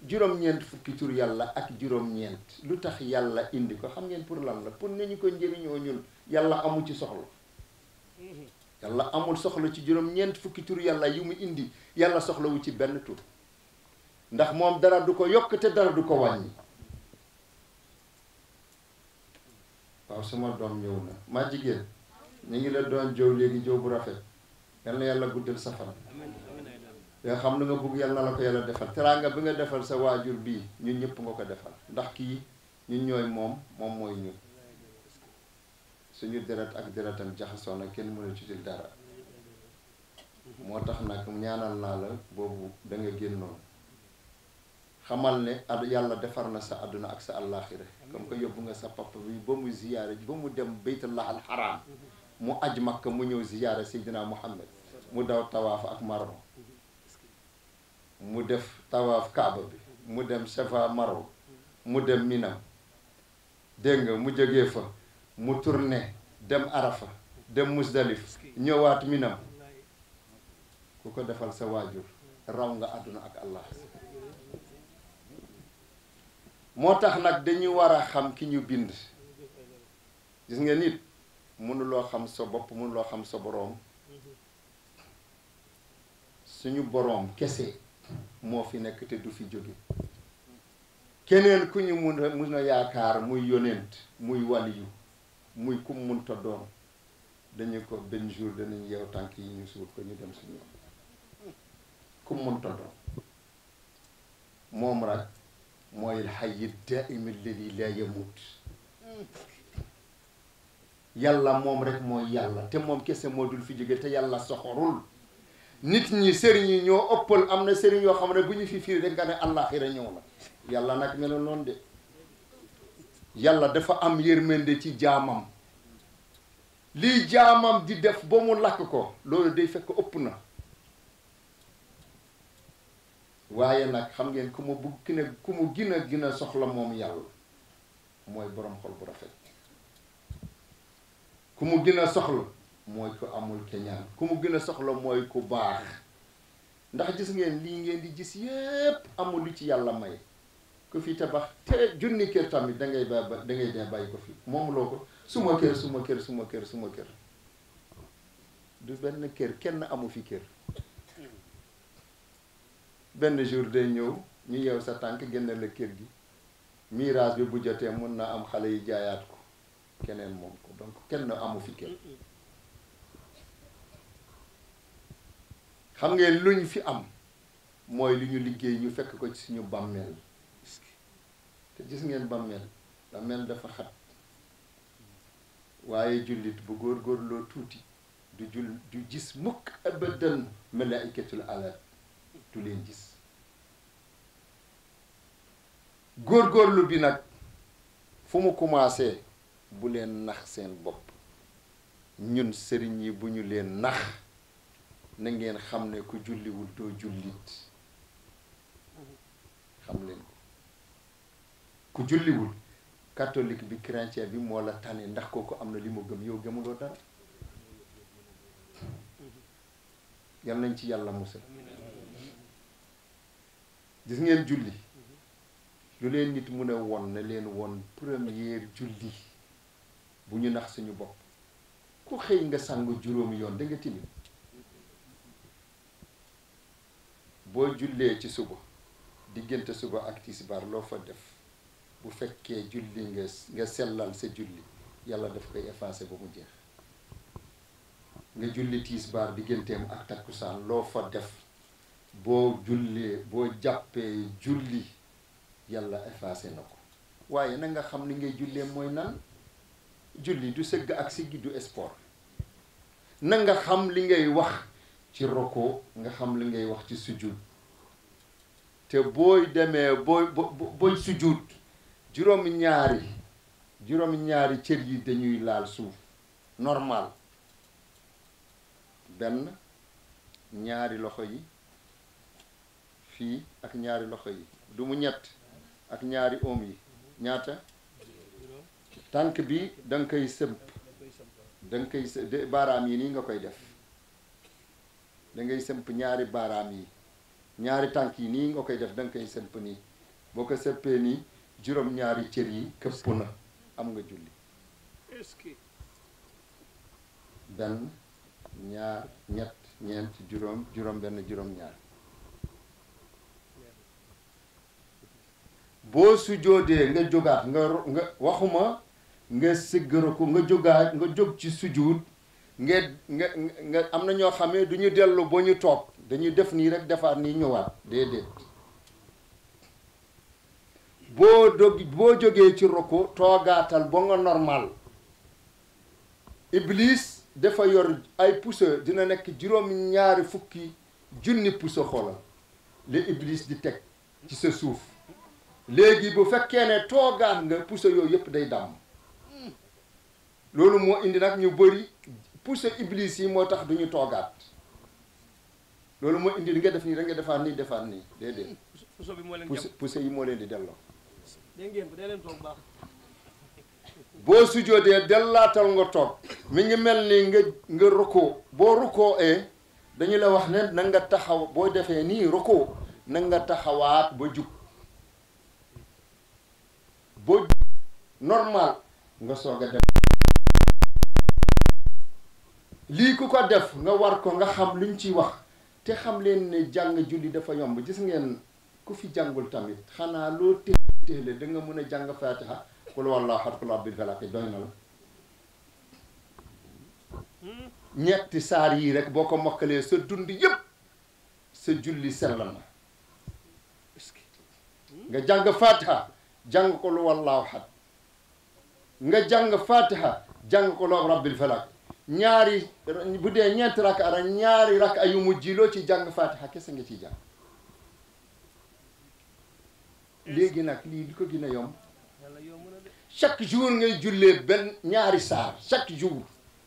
juróom-ñeent fukki tur yàlla ak juróom-ñeent lu tax yàlla indi ko xam ngeen pour lan la pour nañu ko njëriñoo ñun yàlla amu ci soxla yàlla amul soxla ci juróom-ñeent fukki tur yàlla yi mu indi yàlla soxlawu ci benn tuut ndax moom dara du ko yokk te dara du ko wàññi waaw sama doom ñëw na maa jigéen ñu ngi la doon jëw léegi jëw bu rafet yal na yàlla guddal sa fan yoo xam na nga bëgg yal na ko yàlla defal teraanga bi nga defal sa waajur bii ñun ñëpp nga ko defal ndax kii ñu ñooy moom moom mooy ñun suñu deret ak deretam jaxasoo na kenn mënul ci dil dara moo tax nag ñaanal naa la boobu da nga génnoon xamal ne ad yàlla defar na sa àdduna ak sa àllaaxira comme que yóbbu nga sa papa bi ba mu ziyaare ba mu dem baytullah al haram mu aj makka mu ñëw ziyaare seydina muhammad mu daw tawaaf ak marwa mu def tawaaf kaaba bi mu dem safa marwa mu dem minam dégg nga mu jógee fa mu tourné dem Arafa dem Musdalif ñëwaat Minam ku ko defal sa waajur raw nga àdduna ak Allah moo tax nag dañu war a xam ki ñu bind gis nga nit mënuloo xam sa bopp mënuloo xam sa boroom suñu boroom kese moo fi nekk te du fi jóge keneen ku ñu mun a mun a yaakaar muy yonent muy waliyu muy kum munta doon dañu ko ben jour dañu yeew tànk yi ñu suul ko ñu dem ci suñu kum munta doon moom rek mooy alxayi daim alladi la yamut yàlla moom rek mooy yàlla te moom kese moo dul fi jóge te yàlla soxorul nit ñi sëriñ yi ñoo ëppal am na sëriñ yoo xam ne bu ñu fi firi rek nga ne àllaaxira ñëw la yàlla nag melul noonu de yàlla dafa am yërmande ci jaamam lii jaamam di def ba mu lakk ko loolu day fekk ëpp na waaye nag xam ngeen ku mu bugg ki ne ku mu gën a gën a soxla moom yàlla mooy boroom xol bu rafet ku mu gën a soxla mooy ku amul keñaan ku mu gën a soxla mooy ku baax ndax gis ngeen lii ngeen di gis yépp amul lu ci yàlla may ku fi tabax te junni kër tamit da ngay ba dangay ngay dee bàyyi ko fi moomuloo ko suma kër suma kër suma kër suma kër du benn kër kenn amu fi kër benn jour day ñëw ñu yeew sa tànk génne la kër gi miraas bi bu jotee mun na am xale yi jaayaat ko keneen moom ko donc kenn amu fi kër xam ngeen luñ fi am mooy lu ñu liggéey ñu fekk ko ci suñu bàmmeel te gis ngeen bàmmeel bàmmeel dafa xat waaye jullit bu góor góorgóorloo tuuti du jul du gis mukk abadan malaikatul alal du leen gis góorgóorlu bi nag fu mu commencé bu leen nax seen bopp ñun sëriñ yi bu ñu leen nax na ngeen xam ne ku julliwul doo jullit xam leen ko ku julliwul katolik bi chrétien bi moo la tane ndax kooku am na li mu gëm yow gëmuloo dara yal nañ ci yàlla musal gis ngeen julli lu leen nit mu ne won na leen won première julli bu ñu nax suñu bopp ku xëy nga sangu juróomi yoon da tilim boo jullee ci suba diggante suba ak tisbaar loo fa def bu fekkee julli nga nga sellal sa julli yàlla daf koy effacer ba mu jeex nga julli tisbaar digganteem ak takkusaan loo fa def boo jullee boo jàppee julli yàlla effacé na ko waaye na nga xam ni ngay jullee mooy nan julli du sëgg ak siggi du sport na nga xam li ngay wax ci roko nga xam li ngay wax ci sujud te booy demee booy booy sujud juróom ñaari juróom ñaari cër yi dañuy laal suuf normal benn ñaari loxo yi fii ak ñaari loxo yi du ñett ak ñaari om yi ñaata tànk bi da koy sëmp da nga koy baaraam yi nii nga koy def dangay sëmp ñaari baaraam yi ñaari tànk yi nii nga koy def da nga koy sëmp nii boo ko sëppee nii juróom-ñaari cër yi këpp na am nga julli benn ñaar ñett ñeent juróom juróom benn juróom-ñaar boo sujoodee nga jógaat nga nga waxuma nga siggara ko nga jógaat nga jóg ci sujuud nga nga nga am na ñoo xamee du ñu dellu ba ñu toog dañuy def nii rek defaat nii ñëwaat déedéet boo dog boo jógee ci roko toogaatal ba nga normal iblis dafa yor ay puso dina nekk juróom ñaari fukki junni puso xoolal li iblis di teg ci sa suuf léegi bu fekkee ne toogaat nga puso yooyu yëpp day dàmm loolu moo indi nag ñu bëri puso iblis yi moo tax duñu toogaat loolu moo indi li nga def nii rek nga defaat nii defaat nii déedéet puso yi moo leen di delloo boo sujjoodee dellaatal nga toog mi ngi mel ni nga nga boo rukkoo ee dañu la wax ne na nga taxaw boo defee nii rukkoo na nga taxawaat ba jug boo jug normal nga soog a def lii ku ko def nga war ko nga xam luñ ci wax te xam leen ne jàng julli dafa yomb gis ngeen ku fi jàngul tamit xanaa loo té téele da nga mën a jàng fatiha kul wallaahu ahad kul rabbil falaq doy na la ñetti saar yii rek boo ko mokkalee sa dund yépp sa julli sellal na nga jàng fatiha jàng ko lu wallaahu ahad nga jàng fatiha jàng ko lu rabbil falaq ñaari bu dee ñeenti rakka ara ñaari a yu mujj loo ci jàng fatiha kese nga ci jàng léegi nag lii di ko gën a yomb chaque jour ngay jullee benn ñaari saar chaque jour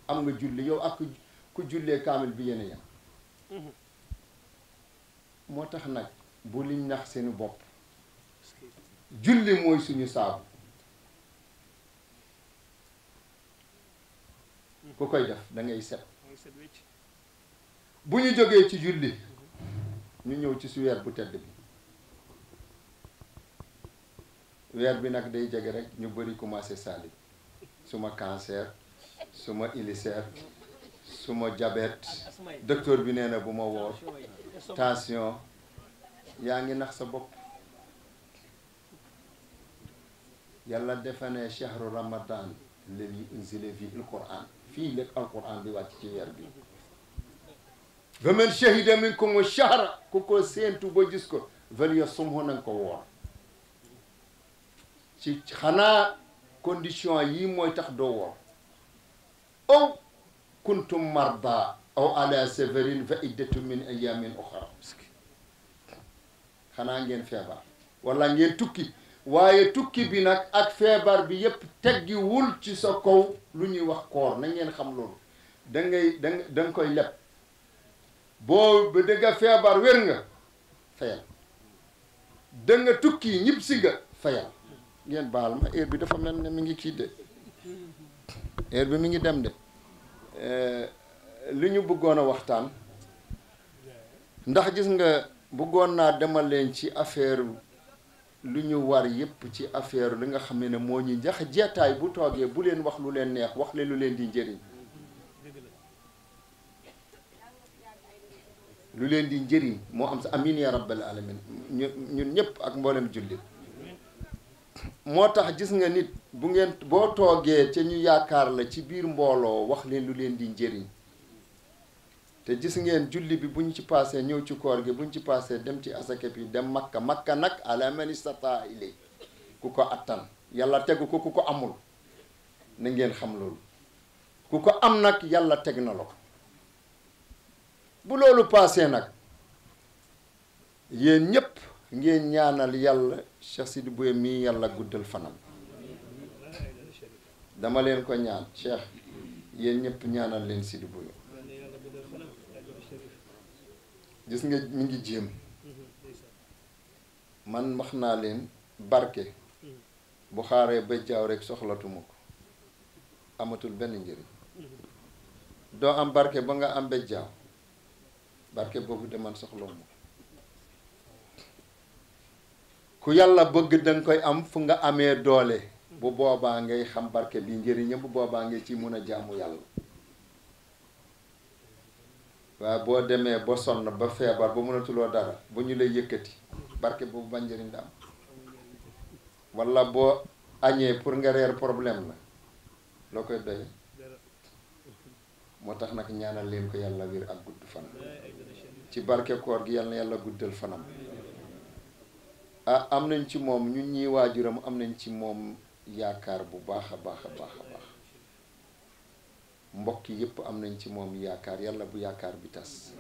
am nga julli yow ak ku jullee kaamil bi yéen a moo tax nag bu liñ nax seeni bopp julli mooy suñu saabu ku koy def da ngay set bu ñu jógee ci julli ñu ñëw ci si weer bu tedd bi weer bi nag day jege rek ñu bëri commencé saali suma cancer suma ulcère suma diabète docteur bi nee na bu ma woor tension yaa ngi nax sa bopp yàlla defa ne chahru ramadan leli unzile fi il quran fii lépp alquran bi wàcc ci weer bi faman shahida minkum shahra ku ko séentu ba gis ko vel yo sumhu nanga ci xana condition yi moy tax do او على سفرين فإدة من أيام أخرى خنا نجين فيبر ولا نجين توكي واي توكي بينك أك فيبر بيب تجي ول تسوكو لني وحكور نجين خملور دنجي دن دن كوي لب بو بدك فيبر ويرنجا فيا دنجا توكي نبسيجا فيا ngeen baal ma heure bi dafa mel ne mi ngi ci de heure bi mi ngi dem de euh liñu bëggoon waxtaan ndax gis nga bëggon na demal leen ci affaire luñu war yépp ci affaire li nga xamé né moo bu togué bu leen wax lu leen neex wax leen lu leen di njëriñ lu leen di njëriñ mo am sa amin ya rabbal alamin ñun ñëpp ak mboolem jullit moo tax gis nga nit bu ngeen boo toogee ca ñu yaakaar la ci biir mbooloo wax leen lu leen di njëriñ te gis ngeen julli bi bu ñu ci paasee ñëw ci koor gi bu ñu ci paasee dem ci asakep yi dem makka makka nag ala sa istata ilay ku ko attan yàlla tegu ko ku ko amul na ngeen xam loolu ku ko am nag yàlla teg na la ko bu loolu paasee nag yéen ñépp ngeen ñaanal yàlla Cheikh Sidi Bouye mii guddal fanam dama leen ko ñaan Cheikh yéen ñëpp ñaanal leen Sidi Bouye gis nga mi ngi man wax naa barke bu xaaree ba jaaw rek soxlatuma ko amatul benn njëriñ am barke ba nga am ba barke boobu de man ku yàlla bëgg da koy am fu nga amee doole bu boobaa ngay xam barke bi njëriñam bu boobaa ngay ci mun a jàmm yàlla waaye boo demee ba sonn ba feebar ba mënatuloo dara bu ñu lay yëkkati barke boobu ba njëriñ la am walla boo añee pour nga reer problème la loo koy doy moo tax nag ñaanal leen ko yàlla wér ak gudd fanam ci barke koor gi yàlla yàlla guddal fanam ah am nañ ci moom ñu ñi waajuram am nañ ci moom yaakaar bu baax a baax a baax mbokk yépp am nañ ci moom yaakaar yàlla bu yaakaar bi tas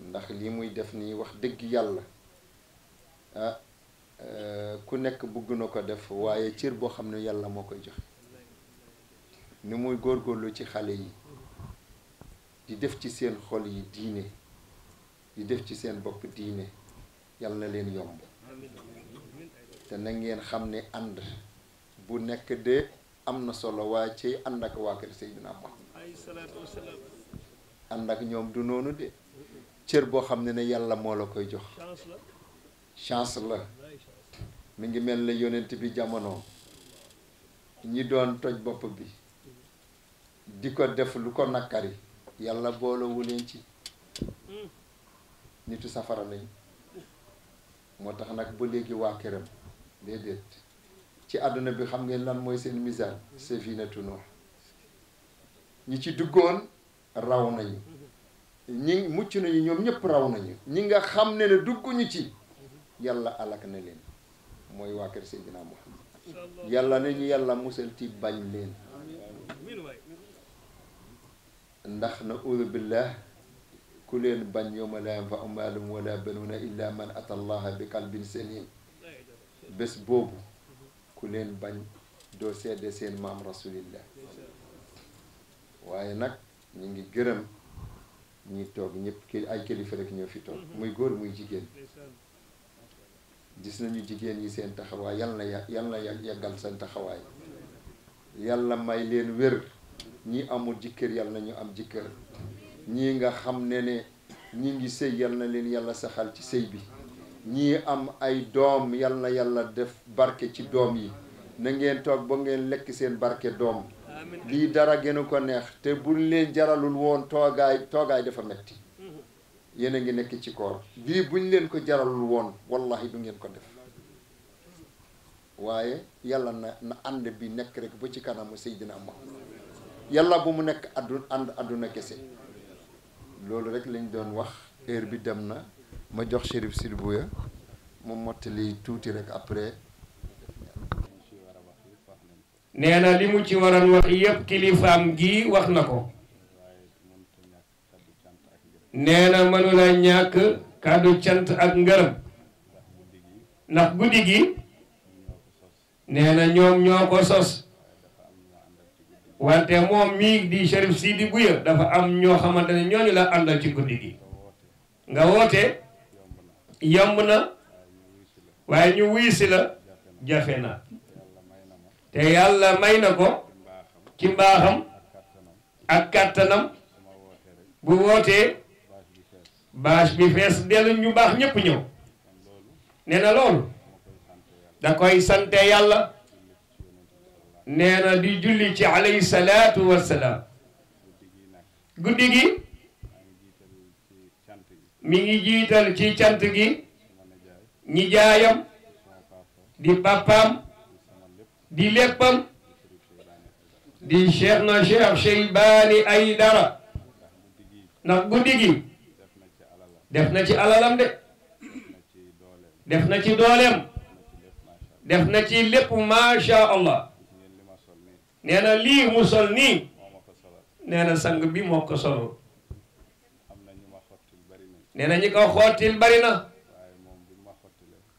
ndax li muy def nii wax dëgg yàlla ah eh, ku nekk bëgg na ko def waaye cër boo xam ne yàlla moo koy joxe ni muy góorgóorlu ci xale yi di def ci seen xol yi diine di def ci seen bopp diine yàlla na leen yomb te na ngeen xam ne ànd bu nekk de am na solo waaye ci ànd ak waa kër Seydina Muhammad ànd ak ñoom du noonu de cër boo xam ne ne yàlla moo la koy jox chance la mu ngi mel ne yonent bi jamono ñi doon toj bopp bi di ko def lu ko nakkari yàlla boolewuleen ci hmm. nitu safara lañ motax nak ba léegi wa kërëm dedet ci aduna bi xam ngeen lan moy seen misal safinatu Nuux ñi ci duggoon raw nañu ñi muccu nañu ñoom ñëpp raw nañu ñi nga xam ne ne dugguñu ci yàlla alak na leen mooy waa kër Seydina Muhammad yàlla ne ñu yàlla musal ti bañ leen ndax na udu billah ku leen bañ yowma laa yanfau maalun wala banuuna illa man ata allaha bi qalbin salim bés boobu ku leen bañ doo sedd seen maam rasulillah waaye nag ñu ngi gërëm ñi toog ñëpp ay kilifa rek ñoo fi toog muy góor muy jigéen gis nañu jigéen ñi seen taxawaay yal na yal na yàggal seen taxawaay yàlla may leen wér ñi amul jikkër yàlla na ñu am jikkër ñii nga xam ne ne ñi ngi sëy yal na leen yàlla saxal ci sëy bi ñii am ay doom yal na yàlla def barke ci doom yi na ngeen toog ba ngeen lekk seen barke doom lii dara gënu ko neex te bu leen jaralul woon toogaay toogaay dafa mm-hmm. a ngi nekk ci koor bii buñ leen ko jaralul woon wallahi du ngeen ko def waaye yàlla na ànd bi nekk rek ba ci kanamu Seydina Muhammad yàlla bu mu nekk addu ànd àdduna kese loolu rek lañ doon wax heure bi dem na ma jox Chérif Sidibouya mu mottali tuuti rek après. nee na li mu ci waroon wax yépp kilifaam gi wax na ko. nee na mënula ñàkk kàddu cant ak ngërëm. ndax guddi gi. nee ñoom ñoo ko sos. wante moom mii di Cherif Sidi Bouya dafa am ñoo xamante ne ñooñu la àndal ci guddi gi nga woote yomb na waaye ñu wuy si la jafe na te yàlla may na ko ci mbaaxam ak kàttanam bu wootee bâche bi fees dellu ñu baax ñépp ñëw nee loolu da koy sante yàlla nee na di julli ci alayhi salaatu wassalaam guddi gi mi ngi jiital ci cant gi ñi jaayam di papaam di léppam di cheikh na cheikh Cheybani Aydara ndax guddi gi def na ci alalam de def na ci dooleem def na ci lépp macha allah nee na lii mu sol nii nee na sang bi moo ko solul nee na ñi ko xottil bari na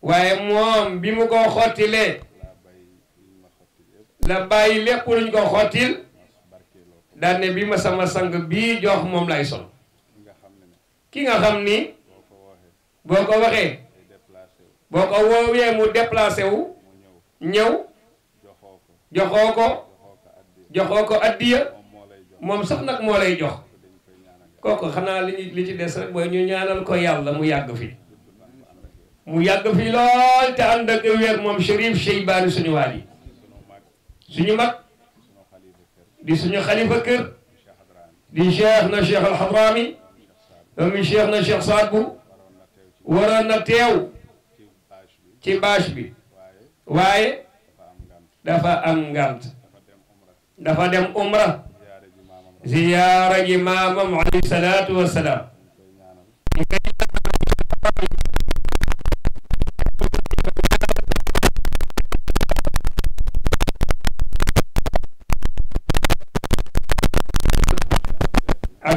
waaye moom bi mu ko xottilee la bàyyi lépp luñ ko xottil daan ne bi ma sama sang bi jox moom lay sol ki nga xam ni boo ko waxee boo ko woowee mu déplacé wu ñëw joxoo ko joxoo ko addiya moom sax nag moo lay jox kooku xanaa li li ci des rek ñu ñaanal ko yàlla mu yàgg fi mu yàgg fi lool te ànd ak wér moom Chérif Cheybani suñu waal yi suñu mag di suñu xalifa kër di cheikh na cheikh alxadrami doomi cheikh na cheikh Saad Bou teew ci bâche bi waaye dafa am دفا دم زياره امام علي الصلاه والسلام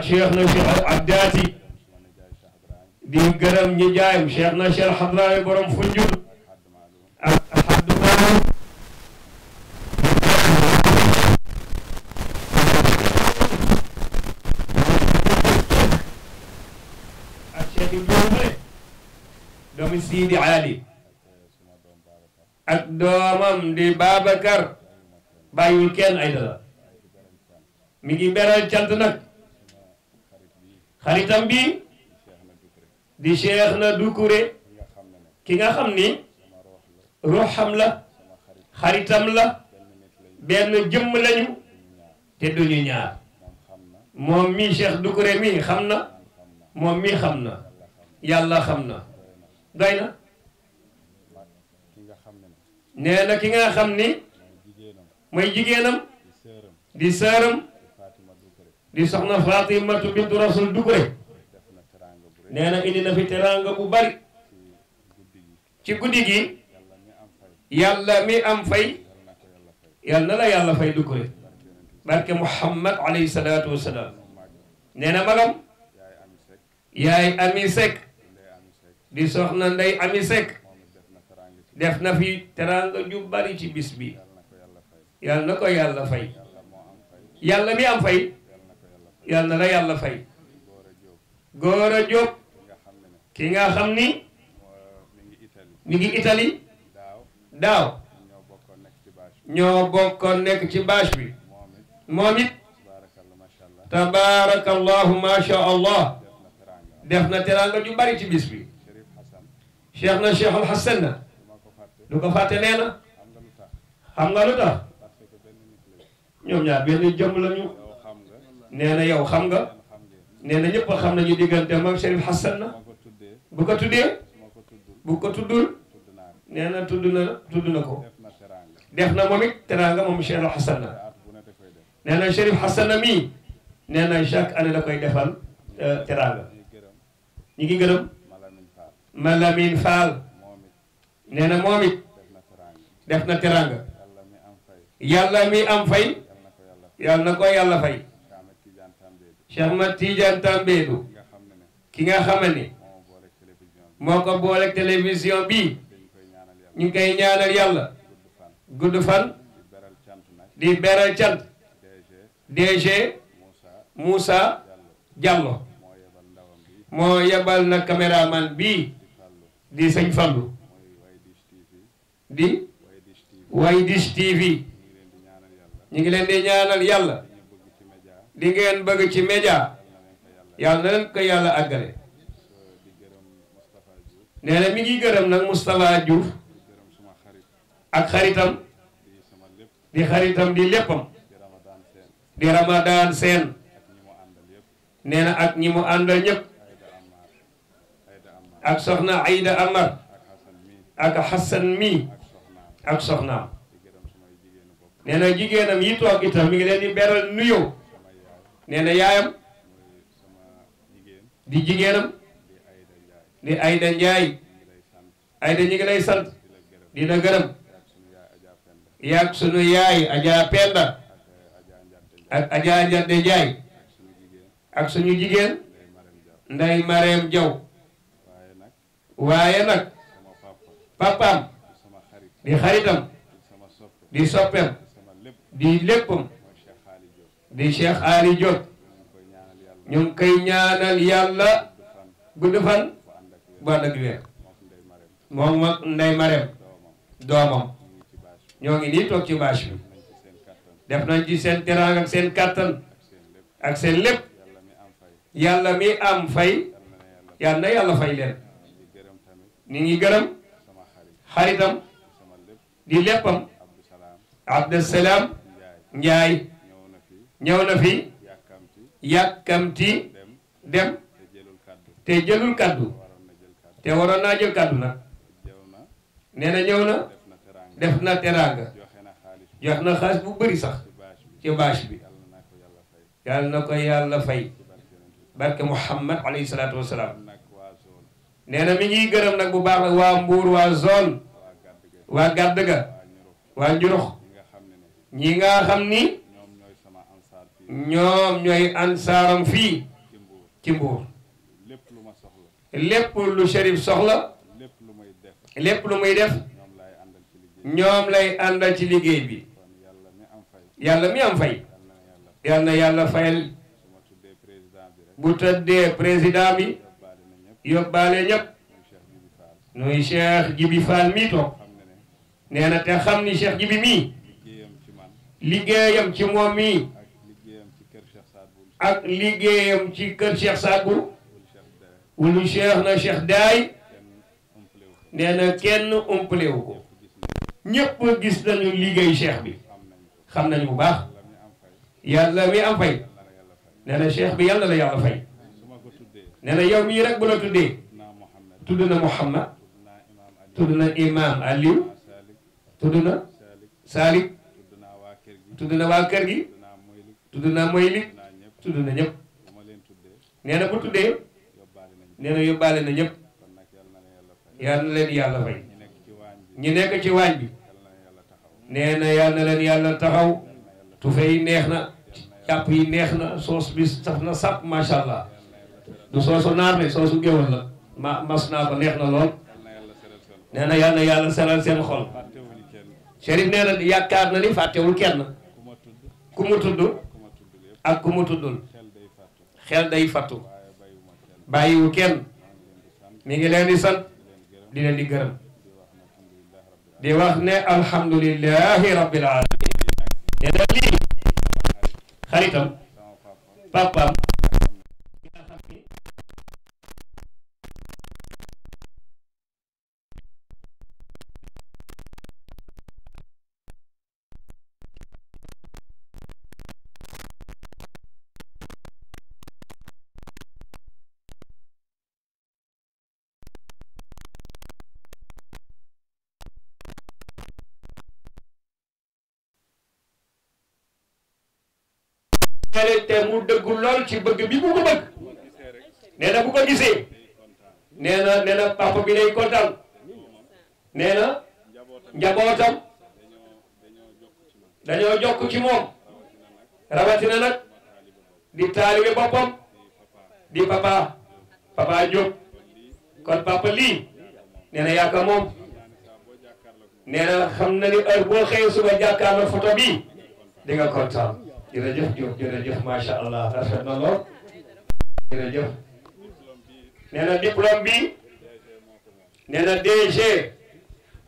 شيخنا شيخ عداتي دي قرم نجايم شيخنا شيخ حضراني برم فنجو حد معلوم doomi Sidi Ali ak doomam di Babacar bàyyiwul kenn ay dara mi ngi beral cant nag xaritam bi di Cheikh na Doucouré ki nga xam ni ruuxam la xaritam la benn jëmm lañu te duñu ñaar moom mi Cheikh Doucouré mi xam na moom mi xam na yàlla xam na doy na nee na ki nga xam ni mooy jigéenam di sëram di soxna Fatimatu bintu Rasul Dugure nee na indi na fi teranga bu bari ci guddi gi yàlla mi am fay yàlla na la yàlla fay Dugure barke Muhammad alayhi salaatu wasalaam nee na magam yaay ami sek di soxna Ndey Ami Seck def na fi teraanga ju bari ci bis bi yàlla na ko yàlla fay yàlla mi am fay yàlla na ra yàlla fay góor a jóg ki nga xam ni mi ngi Italie daaw ñoo bokkoon nekk ci bâche bi moom it tabaarakallahu ma sha allah def teraanga ju ci bis bi cheikh na cheikhul Hasan na du ko fàtte nee na xam nga lu tax ñoom ñaar benn jëmm la ñu nee na yow xam nga nee na ñëpp xam nañu diggante moom Cherif Hasan na bu ko tuddee bu ko tuddul nee na tudd na tudd na ko def na moom it teraanga moom Cherif Hasan na nee na Cherif Hasan na mii nee na chaque année la koy defal euh, teraanga ñi ngi gërëm Malamin fal Faal momit terangga, def na teranga yalla mi am fay yalla nako ko fay Cheikh Ahmad Tidiane Tambédou ki nga xamane moko bolé télévision bi ñu kay ñaanal yalla gudd fan di beral cant DG Moussa Diallo mo yebal na cameraman bi di seigne Fallu di Widish TV ñi ngi len di ñaanal yalla di ngeen bëgg ci média yalla na len ko yalla agalé neena na mi ngi gëreem nak mustafa Diouf ak xaritam di xaritam di leppam di Ramadan sen. neena ak ñi mu andal ñepp ak soxna Aida Amar ak Hassan mi ak soxnaam nee jigéenam yi toog itam mi ngi leen di beral nuyoo nee yaayam di jigéenam di Aida Ndiaye Aida ñu ngi sunu yaay Adja Penda ak Adja Ndiaye ak suñu jigéen Ndeye Marème Diaw waaye nag papaam di xaritam di soppeem di léppam di Cheikh Ali Diop ñu ngi koy ñaanal yàlla gudd fan bu ànd ak wér moom ak Ndey Marème doomam ñoo ngi nii toog ci bâche bi def nañ ci seen teraanga ak seen kattan ak seen lépp yàlla mi am fay yàlla na yàlla fay leen ñu ngi gërëm xaritam di léppam Abdusalaam Njaay ñëw na fi yàkkamti dem te jëlul kaddu te waroon naa jël kaddu nag nee na ñëw na def na teraanga jox na xaalis bu bëri sax ci bâche bi yàlla na ko yàlla fay barke Muhammad alayhi salaatu wasalaam nee na mi ñuy gërëm nag bu baax nag waa Mbour waa Zone waa Gàddga waa Njurux ñi nga xam ni ñoom ñooy ansaaram fii ci Mbour lépp lu Cherif soxla lépp lu muy def ñoom lay àndal ci liggéey bi yàlla mi am fay yàlla na yàlla fayal bu tëddee président bi yóbbaale ñëpp nuy Cheikh Jibi Fall mii toog nee na te xam ni Cheikh Jibi mii liggéeyam ci moom mii ak liggéeyam ci kër Cheikh Sadbou wulu Cheikh na Cheikh Daay nee na kenn umpale wu ko ñëpp gis nañu liggéey Cheikh bi xam nañu bu baax yàlla mi am fay nee na bi yàlla la yàlla fay. nee na yow mii rek bu la tuddee tudd na Muhammad tudd na Imaam Aliou tudd na Salik tudd na waa kër gi tudd na Moylik tudd na ñëpp nee na bu tuddee nee na yóbbaale na ñëpp yal na leen yàlla fay ñi nekk ci waañ bi nee na yal na leen yàlla taxaw tufe yi neex na càpp yi neex na soos bi saf na sàpp macha allah. du soosu naar ne soosu géwal la ma mas naa a neex na lool nee na yàlla na yàlla seral seen xol Chérif nee na yaakaar na ni fàttewul kenn ku mu tudd ak ku mu tuddul xel day fattu bàyyiwu kenn mi ngi leen di sant di leen di gërëm di wax ne alhamdulilahi rabbil alamin nee na lii xaritam papaam te mu dëggu lool ci bëgg bi mu bëgg nee na bu ko gisee nee na nee na papa bi day kontaan nee na njabootam dañoo jokk ci moom rawatina nag di taalibe boppam di papa papa Diop kon papa lii nee na yaaka moom xam na ni heure boo xëyee suba jàkkaarloo photo bi di nga jërëjëf Diop jërëjëf macha allah rafet na lool jërëjëf nee na bi nee na DG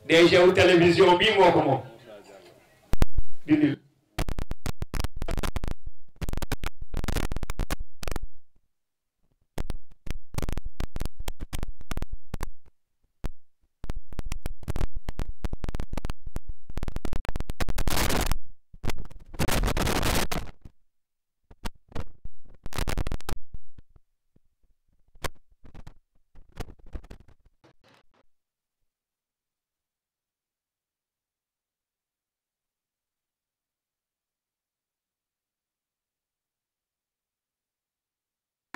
DG wu télévision bi moo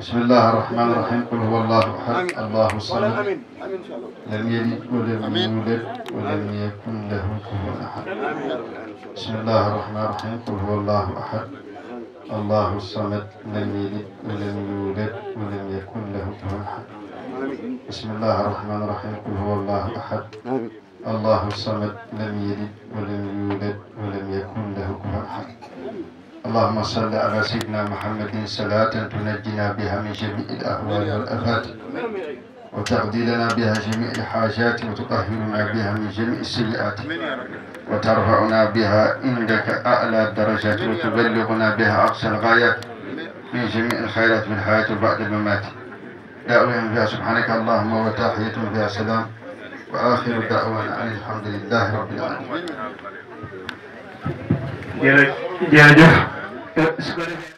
بسم الله الرحمن الرحيم قل هو الله احد الله الصمد لم يلد ولم يولد ولم يكن له كفوا احد بسم الله الرحمن الرحيم قل هو الله احد الله الصمد لم يلد ولم يولد ولم يكن له كفوا احد بسم الله الرحمن الرحيم قل هو الله احد الله الصمد لم يلد ولم يولد ولم يكن له كفوا احد اللهم صل على سيدنا محمد صلاة تنجينا بها من جميع الأهوال والآفات وتقضي لنا بها جميع الحاجات وتطهرنا بها من جميع السيئات وترفعنا بها عندك أعلى الدرجات وتبلغنا بها أقصى الغايات من جميع الخيرات من الحياة وبعد الممات دعوة فيها سبحانك اللهم وتحية فيها سلام وآخر دعوانا أن الحمد لله رب العالمين jërëjëf jërëjëf